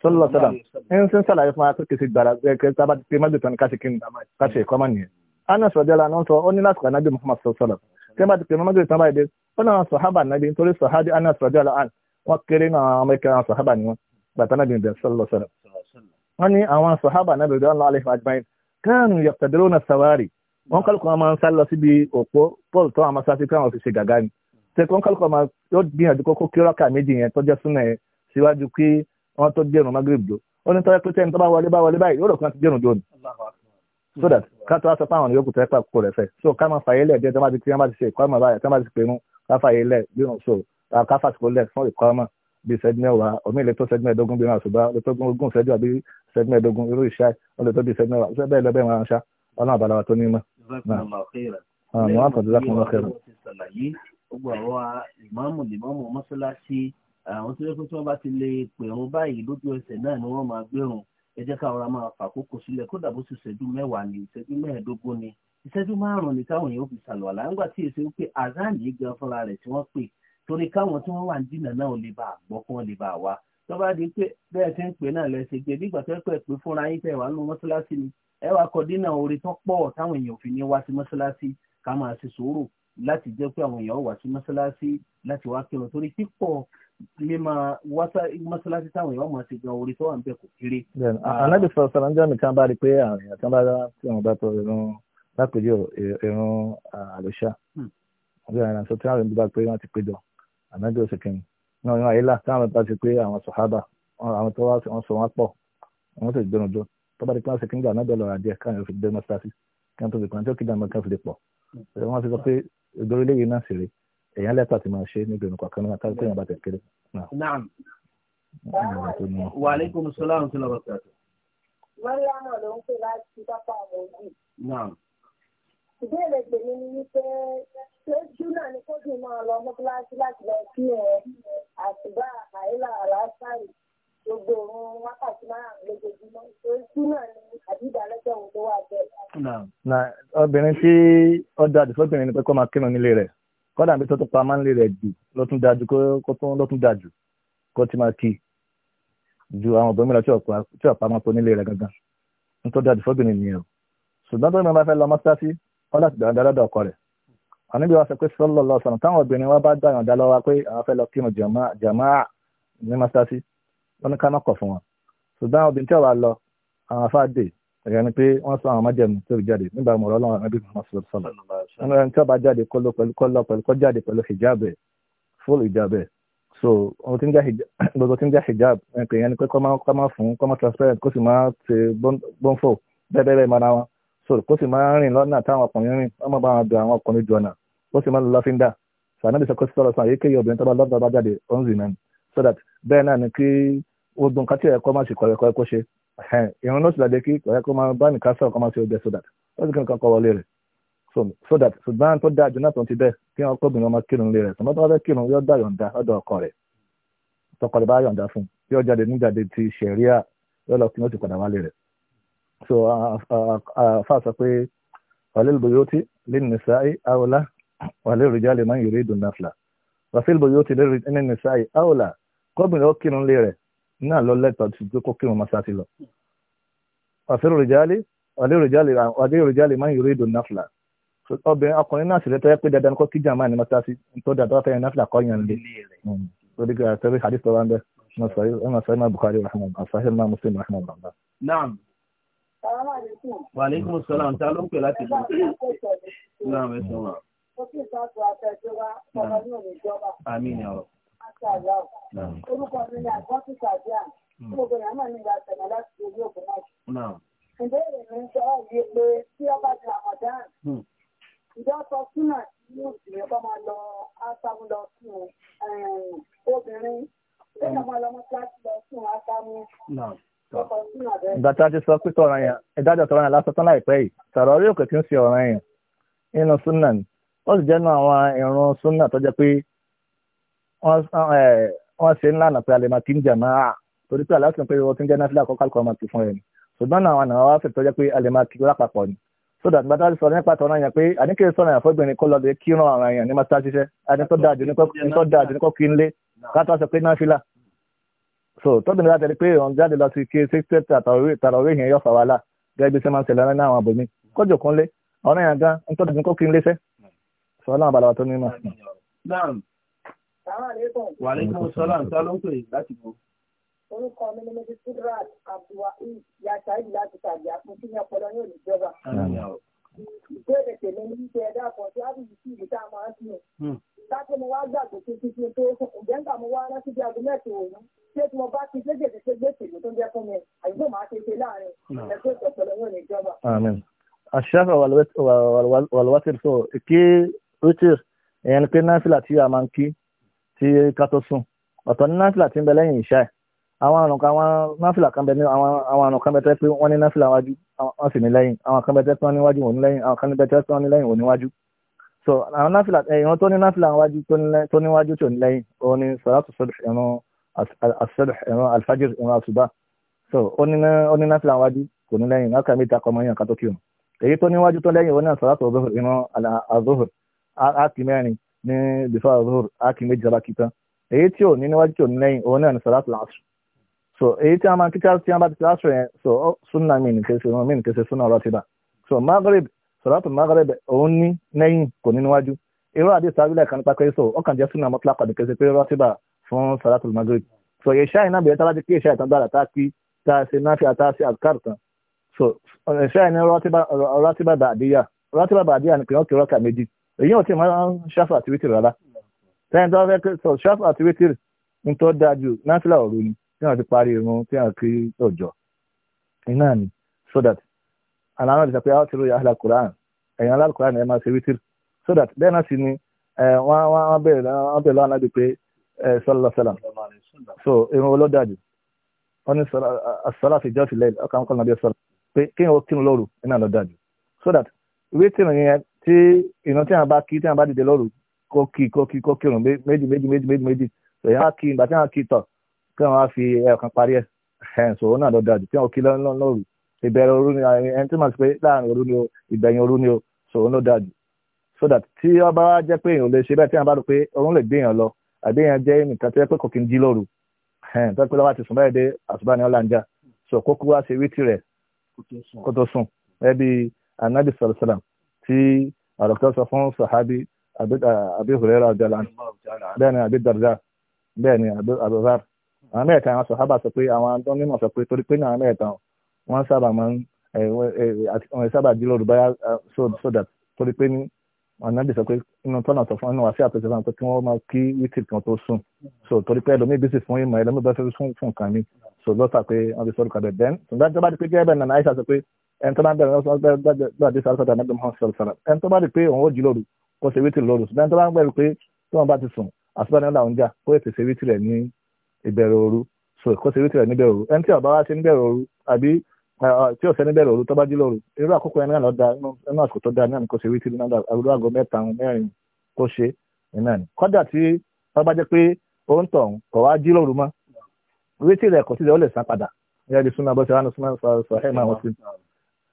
sọlọ sọlọ ẹni tí ń sàlàyé fún akókè sí gbàrà kẹkẹ tábà ti pé má dùtọ́ ní káṣe kí ni káṣe ẹ̀kọ́ mọ̀ nìyẹn anas rọjòlá náà sọ ó ní láti kànáàbí muhammad sọlọ tí bá ti pè mọ́mọ́dé tán báyìí dé ó náà sọ̀hábà nàbí nítorí sọ̀hábì anas rọjòlá àn wọ́n kéré náà àwọn ọmọ ìkẹrẹ sọ̀hábà ni wọ́n bàtà nàbí bẹ̀rẹ̀ sọlọ sọlọ wọ́n ní àwọn sọ̀hábà nàbí rọjòlá náà alẹ́ fàájúmáyìn káànù yàtọ̀dúró na sawari wọ́n kálukú wọn máa ń sálọ síbi òpó paul tó àwọn masáfi káwọn fi ṣe gàgá ni tẹkọ wọn kálukú wọn yóò gbìyànjú kókó kí ọlọ́kà méjì yẹn tó jẹ́ súnà síwájú kí wọn tó dẹrùn magrib jò ó ní tọ́jú pé sẹ́ni tó bá wọlé bá wọlé báyìí yóò rò kí wọ́n ti dẹrùn jò ni so that ká tó wá sọ fáwọn yòókù tẹ́pà kó rẹ̀ fẹ́ so ká máa fàyè lẹ̀ díẹ̀ tí wọ́n bá ti tí wọ́n bá ti ṣe ìkọ́mọ̀ báyìí tí wọ́n bá ti pè mú ká fàyè lẹ̀ dírun so ká fàsìkò lẹ̀ fún ìkọ́mọ̀ bíi ìṣẹ́jú mẹ́wàá omi ilé tó ṣẹ́jú mẹ́ẹ̀ẹ́dógún bí wọn àṣùbá ilé tó gún ìṣẹ́jú àbí ìṣẹ́jú mẹ́ẹ̀ẹ́dógún irú ìṣá olè tó di ìṣẹ́jú mẹ́wàá ṣẹ́ bẹ́ẹ̀ lọ́bẹ̀ wọn àwọn àkàndínlá ìmáàmù lè àwọn tó yẹ pé tí wọ́n bá ti lè pè wọn báyìí lójú ẹsẹ̀ náà ni wọ́n máa gbẹ̀rùn ẹ jẹ́ káwọn ra máa fàkókò sílẹ̀ kódà bó ti ṣẹ́jú mẹ́wàá ni ìṣẹ́jú mẹ́ẹ̀ẹ́dógún ni ìṣẹ́jú márùn-ún ni káwọn èèyàn fi ṣàlùwàlá ńgbà tí èsì wípé azan yìí gan fúnra rẹ̀ tí wọ́n pè torí káwọn tí wọ́n wà ń dínà náà ò lè bá àgbọ́ kí wọ́n lè bá wa tó bá di pé bẹ́ẹ̀ ti ń pè náà lẹ́sẹ̀ gbé bí ìgbàsẹ́ pẹ̀ pé fúnra yín tẹ̀ wá nínú mọ́ṣáláṣí ni ẹ wá kọ dínà orí tó pọ̀ táwọn èèyàn fi ní wá sí mọ́ṣáláṣí ká máa ṣe sùúrù láti jẹ́ pé àwọn èèyàn wà sí mọ́ṣáláṣí láti wá kírun torí pípọ̀ mímọ wáṣá mọ́ṣáláṣí táwọn èèyàn máa ṣe gan orí tó wà ń bẹ̀ kò kéré. anábì ah. sọ sọláńjọ nìkan bá rí i pé àwọn èèyàn kan bá dá sí àwọn bá tọ irun lápèjọ irun àlùṣà ọjọ ìrìnà sọ tí àwọn èèyàn bá pé wọn ti péjọ anábì ọ̀sẹ̀ kẹrin náà ìwọn àyílà táwọn bá ti pé àwọn sọ̀hábà àwọn tó wá wọn sọ wọn pọ̀ wọn sì gbẹnu jọ tó bá di pé wọn ṣe kí n gbà anábì ọlọ́rọ̀ adìẹ káyọ̀ fi dé mọ́ṣáláṣí kí wọ́n tó fi pọ̀ hmm èèyàn lẹ́tọ̀ àti máa ṣe níbi ònùkọ̀ kan náà táwọn èèyàn bá tẹ̀ kéré. naam waaleykum salaam tí lọ́wọ́ sọ́tò. mọ́ríyámù ló ń pè láti pápá àwọn òbí. naam. ìbéèrè tèmi ni wípé ṣé júnà ni kó dùn máa lọ mọ́kíláṣí láti lọ sí ẹ̀ àtìgbà àìlà àlàáfáì gbogbo òun wákàtí márùn-ún lójoojúmọ́ ṣé júnà ni àdídà òun ló wà bẹ́ẹ̀. obìnrin tí ọ̀dà àdìsọ́bìnrin ni pé kó máa kírun nílé rẹ̀ kọ́dà bí tó tún pa máa ń lè rẹ̀ jù lọ́tún dájú kó tún lọ́tún dájú kó ti máa kí ju àwọn ọ̀bọ̀n mìíràn tí ọ̀pá máa tó nílé rẹ̀ gangan ń tó dájú fọ́bìnrin nìyẹn o ṣùgbọ́n tó ní wọn fẹ́ lọ mọ́sáàsì wọn láti dàn dá lọ́dọ̀ ọkọ rẹ̀ àníbi wa sọ pé sọ́lọ́ lọ sọ̀rọ̀ táwọn obìnrin wa bá dàyàn dá lọ́wọ́ pé àwọn fẹ́ lọ kírun jàmáà ní mọ́sáàsì wọn ní ká má kọ̀ fún wọn ṣùgbọ́n obìnrin tí ẹ̀yà ni pé wọ́n sọ àwọn májẹ̀mú tó fi jáde nígbà mọ̀rọ̀ ọlọ́run àbí muhammad sallallahu alaihi wa sallam ẹni tí wọ́n bá jáde kọ́ pẹ̀lú kọ́ pẹ̀lú kọ́ jáde pẹ̀lú hijab full hijab so ohun tí ń jẹ́ hijab gbogbo tí ń jẹ́ hijab ẹni pé ẹni pé kọ́ máa kọ́ máa fún kọ́ máa transparent kó sì máa ṣe gbọ́nfò bẹ́ẹ̀bẹ́ẹ̀ mara wọn so kó sì máa rìn lọ́nà táwọn ọkùnrin rìn wọ́n máa bá wọn do àwọn ọkùnrin jọ̀nà kó sì máa lọ so that bẹ́ẹ̀ náà ni kí ó dùn kátìrẹ̀ kọ́ ìran náà sì làdé kí ọ̀rẹ́ kó máa bá nìkan sọ̀rọ̀ kó máa ṣe ọdẹ so that wọ́n sì kí nǹkan kọ́ wọlé rẹ̀ so that ṣùgbọ́n tó dáa Jonathan ti bẹ́ẹ̀ kí wọn kóbìnrin ọmọ kírun lé rẹ̀ tọ́mọ́tọ́ wọn fẹ́ kírun yóò dá yọ̀ǹda ọ̀dọ̀ ọkọ rẹ̀ tọkọ rẹ̀ bá yọ̀ǹda fún yóò jáde níjàde ti ṣẹ̀ríà yóò lọ kí wọ́n sì padà wálé rẹ̀ so afa sọ pé wàlẹ́ ìbò yóò ti lé nìsa àwòlá wàlẹ́ ìrìjà lè máa ń yèrè ìdùnnà fìlà wàfẹ́ ìbò yóò ti lé nìsa àwòlá kóbìnrin ó kírun lé rẹ̀ náà lọ lẹ́tọ̀ọ́ ti tó kó kírun mọ́sáàtì lọ. ọ̀sẹ̀rò rìjálì ọ̀lẹ́ rìjálì ọ̀dẹ́ rìjálì máa ń yọrí ìdùn náfìlà obìnrin ọkùnrin náà sì lẹ́tọ́ yẹ pé dandan kó kíjà máa ní mọ́sáàtì tó dàtọ́ fẹ́ náfìlà kọ́ yẹn lé hmm. torí kí àtẹ́rí hadith wa ń bẹ́ ẹ̀ma sọ ẹ̀ma Bukhari rahman asahi ma Muslim rahman rahman. naam waaleykum salaam ta ló ń pè láti lọ. naam ẹ sọ wa. ó kì í sá ṣàlá orúkọ mi ni àgbọ̀tù sàdíà gbogbo yẹn náà ní ìgbà tẹ̀lé láti orí ògùn náà. ìbéèrè mi ń sọ yìí pé tí ọba ti ramadan ìjọ hmm. sọ súnà tí obìnrin bá máa lọ ásámú lọ sùn obìnrin lẹ́yìn máa lọ mọ́tíláṣí lọ sùn ásámú. Ìgbà tá a ti sọ pé tọ̀ràn yẹn, ìdájọ́ tọ̀ràn yẹn lásán tán láìpẹ́ yìí, sọ̀rọ̀ orí òkè kí ń ṣe ọ̀ràn yẹn nínú súnà ni. Ó sì jẹ́nu àwọn ìrun súnà tó jẹ́ pé wọ́n ṣe ńlá ànàpẹ́ alẹ́ máa kí ń jà máa torí pé aláṣẹ pé wọ́n ti ń jẹ́ náfìlà kọ́kọ́ kọ́ máa kí fún ẹ̀ ni ṣùgbọ́n àwọn àna wa fẹ̀tọ́ jẹ́ pé alẹ́ máa kí lápapọ̀ ni so that bàtà sọ nípa tọ́ra yẹn pé àníkè sọ̀rọ̀ yẹn fọ́bìnrin kọ́ lọ́dẹ kí ràn ara yẹn ní máa ṣiṣẹ́ àníkọ́ dáàjù ní kọ́ kí ń lé kátó sọ pé náfìlà so tọ́bìnrin láti rí pé òun jáde lọ sí kí sixty tàràwé yẹn yọ fà wàhálà gẹ́gẹ́ bí sẹ́ máa ń ṣẹlẹ̀ náà àwọn àbòmí kọ́jọ kan lé ọ̀rẹ́ yẹn gan ń tọ́jú ní kó kí ń lé sẹ́ sọ ọlọ́run àbàlàwà tó ní mọ̀. Wàlé mú sọ́lá ń sá ló ń pè láti bọ̀. Orúkọ mi ni Mrs. Kudrat Abdulwahid Yasaid láti tàbí àfúnfí ní ọpọlọ yóò ní ìjọba. Ìbéèrè tèmi ní wípé ẹ̀dá kan tí Ábìlì sí ìlú tá a máa ń sìn. Láti mo wá gbàgbé tí títí tó ǹjẹ́ nígbà mo wá rántí bí aago mẹ́ta òru. Ṣé tí mo bá ti ṣe gbèsè ṣe gbèsè ló tó ń jẹ́ fún mi? Àyùbọ̀ máa ṣe ṣe láàárín ẹgbẹ́ ìtọ̀pọ̀lọ yóò ní ìjọba. Àṣàfà wàlúwàtìrì sọ èké rítìr ẹ̀yẹn pé náfìlà tí a máa ń kí tí ká tó sùn ọ̀tọ̀ ní náfìlà tí ń bẹ lẹ́yìn ìṣá ẹ̀ àwọn àrùn kan àwọn náfìlà kan bẹ ní àwọn àwọn àrùn kan bẹ tẹ́ pé wọ́n ní náfìlà wájú wọ́n sì ní lẹ́yìn àwọn kan bẹ tẹ́ pé wọ́n níwájú òní lẹ́yìn àwọn kan bẹ tẹ́ pé ní lẹ́yìn òní wájú so àwọn nafila, ìran tó ní náfìlà wájú tó níwájú tó ní lẹ́yìn òun ni sọ̀rọ̀tù sọ̀dù ìran àṣẹ̀dù ìran alfajir ìran àṣùbà so ó ní nafila wájú kò ní lẹ́yìn náà kàmí ìtakọ̀ mọ́yàn kan tó kírun èyí tó níwájú tó lẹ́yìn òun náà sọ̀rọ̀tù ìran àzóhùr ní before zuhur ákì méjì sábà kí tán èyí tí ò ní níwájú tí ò ní lẹ́yìn òun náà ní sọ̀rọ̀ àtúnṣe so èyí tí a máa kíkà tí a bá ti ti aṣọ yẹn so sunna mi nìkan ṣe mi nìkan ṣe sunna rọtìbà so magreb sọ̀rọ̀tù maghrib òun ní lẹ́yìn kò ní níwájú irú àdé sábìlẹ̀ kan nípa pé so ọkàn jẹ́ sunna mọ́tò lápàdé kẹsẹ̀ pé rọtìbà fún sọ̀rọ̀tù maghrib so ìṣá iná bẹ̀rẹ̀ tá a bá ti kí ìṣá ìtàn gbára tá a kí tá a ṣe náfi àtá a ṣe àkàr tán so ìṣá iná rọtìbà bàdíyà rọtìbà bàdíyà ni kì èyí ò tí ma ṣáfà àti wítìrì rárá tẹ́yìn tó fẹ́ sọ ṣáfà àti wítìrì ń tọ́ dáa ju náfìlà òru ni tí wọ́n ti parí irun tí wọ́n kí ọjọ́ iná ni so that àlànà ti sọ pé a ó ti ròyìn àhàlà koran ẹ̀yìn àhàlà koran so that bẹ́ẹ̀ na sì ni wọ́n bẹ̀rẹ̀ lọ́wọ́ náà pé sallallahu alaihi wasallam so irun olódàjú wọ́n ní asọ́lá fi jọ́sìn lẹ́yìn ọkàn kọ́ńtà nàbí ọ̀sọ́lá pé kí n ò lóru so that yẹn tí ìran tí a bá kí tí a bá dìde lóru kó kí kó kí kó kírun méjì méjì méjì méjì méjì èyí á kí ìgbà tí a kí tọ̀ kí wọ́n á fi ẹ̀ẹ̀kan parí ẹ̀ ẹ̀hìn sòwò náà lọ́dọ̀ àdì tí wọ́n kí lóru ìbẹ̀rẹ̀ òru ni ẹni tí màá sọ pé láàrin òru ni o ìgbẹ̀yìn òru ni o sòwò náà dàdì so that tí wọ́n bá jẹ́ pé èèyàn lè ṣe bẹ́ẹ̀ tí a bá rò pé òun lè gbé èèyàn lọ àbí èèyàn jẹ́ nìkan tó yẹ pé kò kí ń jí lóru ẹ̀hìn tó pé lọ́wọ́ tí àròkẹ́ sọ fún sàhábì àbí eh, hùrẹ́rà ọ̀dàlà bẹ́ẹ̀ ni àbí dàrdà bẹ́ẹ̀ ni àbí àbúrà àwọn mẹ́ẹ̀ta àwọn sàhábà sọ pé àwọn tó nímọ̀ sọ pé torí pé náà mẹ́ẹ̀ta wọ́n sábà máa ń eh, eh, wọ́n sábà dí lóru báyà sódà torí pé ní ànábì sọ pé inú tọ́nà sọ fún inú wàásù àtọ́sọ fún pé kí wọ́n máa kí wítìrì kan tó sùn so torí pé ẹlòmíì bí sì fún ìmọ̀ ẹlòmíì bá fẹ́ fún nǹkan mi so lọ́sà pé wọ́n fi sọ́dún kan bẹ̀ bẹ́ẹ̀ tó bá dé pé gẹ́gẹ́ bẹ́ẹ̀ nana Aisha sọ pé ẹni tó bá bẹ̀rẹ̀ lọ́sọ̀gbàdé sàrẹ́sọ̀tà nàbẹ̀ mọ́ sọ̀rọ̀sọ̀rọ̀ ẹni tó bá rí pé òun ó jí lóru kó ṣe wítìrì lóru ṣùgbọ́n tó bá ń bẹ̀rẹ̀ pé tí wọ́n bá ti sùn àṣùbà ni làwọn ń jà kó ètè ṣe wítìrì ní ìbẹ̀rẹ̀ òru so kó ṣe wítìrì ní ìbẹ̀rẹ̀ òru ẹni tí ó bá wá ṣe níbẹ̀rẹ̀ òru àbí tí ó ṣe níbẹ̀rẹ̀ òru tó bá jí lóru irú àkókò ẹni náà da inú àsìkò tó da náà kó ṣe wítìrì náà àrùn àgọ mẹ́ta mẹ́rin kó ṣe náà ni kódà tí wọ́n bá jẹ́ pé ó ń tọ̀hún kò wá jí lóru mọ́ wítìrì ẹ̀kọ́ tí ó lè sá padà ní ẹni súnmọ́ bó ṣe wá ní súnmọ́ sọ ẹ̀ máa wọ́n sí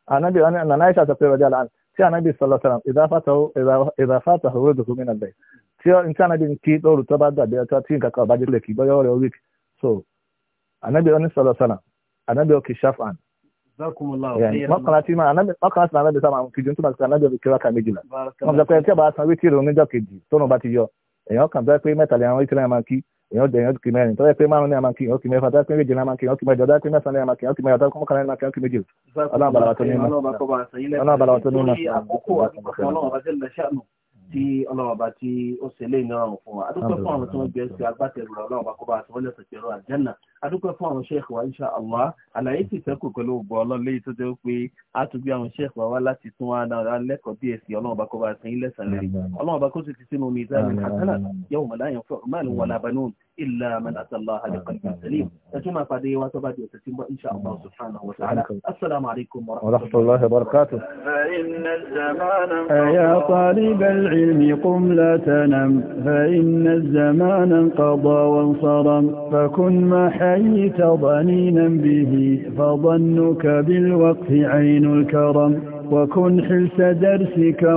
anabi nana aisha sọ pé rọjá láàrín tí anabi sallallahu alaihi wasallam ìdáfàtà owó ìdòkú mi nàbẹ tí nǹkan anabi ń kí lóru tó bá dàbí ọjọ́ tí nǹkan kan bá jẹ́ lè kí bọ́yọ́ rẹ̀ wík so anabi ọni sallallahu alaihi wasallam anabi ọkì shafan. mọ́kànlá tí máa mọ́kànlá tí máa anabi sábà kì í ju nítorí anabi ọkì kíra ká méjìlá wọn sọ pé tí a bá san wíkì rẹ oníjọ kejì tó nù bá ti yọ èèyàn kàn bẹ́ẹ̀ pé mẹ́tàlẹ́ àwọn wíkì náà máa kí èèyàn jẹ èèyàn kì mẹ́rin tọ́jú pé márùn ní àmà kì yàn kì mẹ́fà tọ́jú pé méje ní àmà kì yàn kì mẹ́jọ tọ́jú pé mẹ́sàn ní àmà kì yàn kì mẹ́jọ tọ́jú pé mọ́kànlá ní àmà kì yàn kì méje ọlọ́run balawa tó ní ìmọ̀ ọlọ́run balawa tó ní ìmọ̀ tí ọlọ́ọ̀bá tí ó ṣe lé ní ọrùn fún wa adúpẹ́ fún àwọn tí wọ́n gbé sí agbátẹrù ọlọ́ọ̀bá kó bá a ti wọ́n lẹ́sẹ̀ pẹ̀lú àjẹ́nà adúpẹ́ fún àwọn sheikh wa insha allah àlàyé sì fẹ́ kò pẹ̀lú ògbọ́ ọlọ́lẹ́yìí tó jẹ́ pé a tún bí àwọn sheikh wa wá láti tún wá náà lẹ́kọ̀ọ́ bí èsì ọlọ́ọ̀bá kó bá a sin lẹ́sẹ̀ lẹ́yìn ọlọ́ọ̀bá kó sì ti sínú mi ìzáàmì hasana yawma la yanfa'u malun wala banun illa man ata allah bi qalbin salim ẹtún máa pàdé العلم قم لا تنم فإن الزمان انقضى وانصرم فكن ما حييت ظنينا به فظنك بالوقف عين الكرم وكن حلس درسك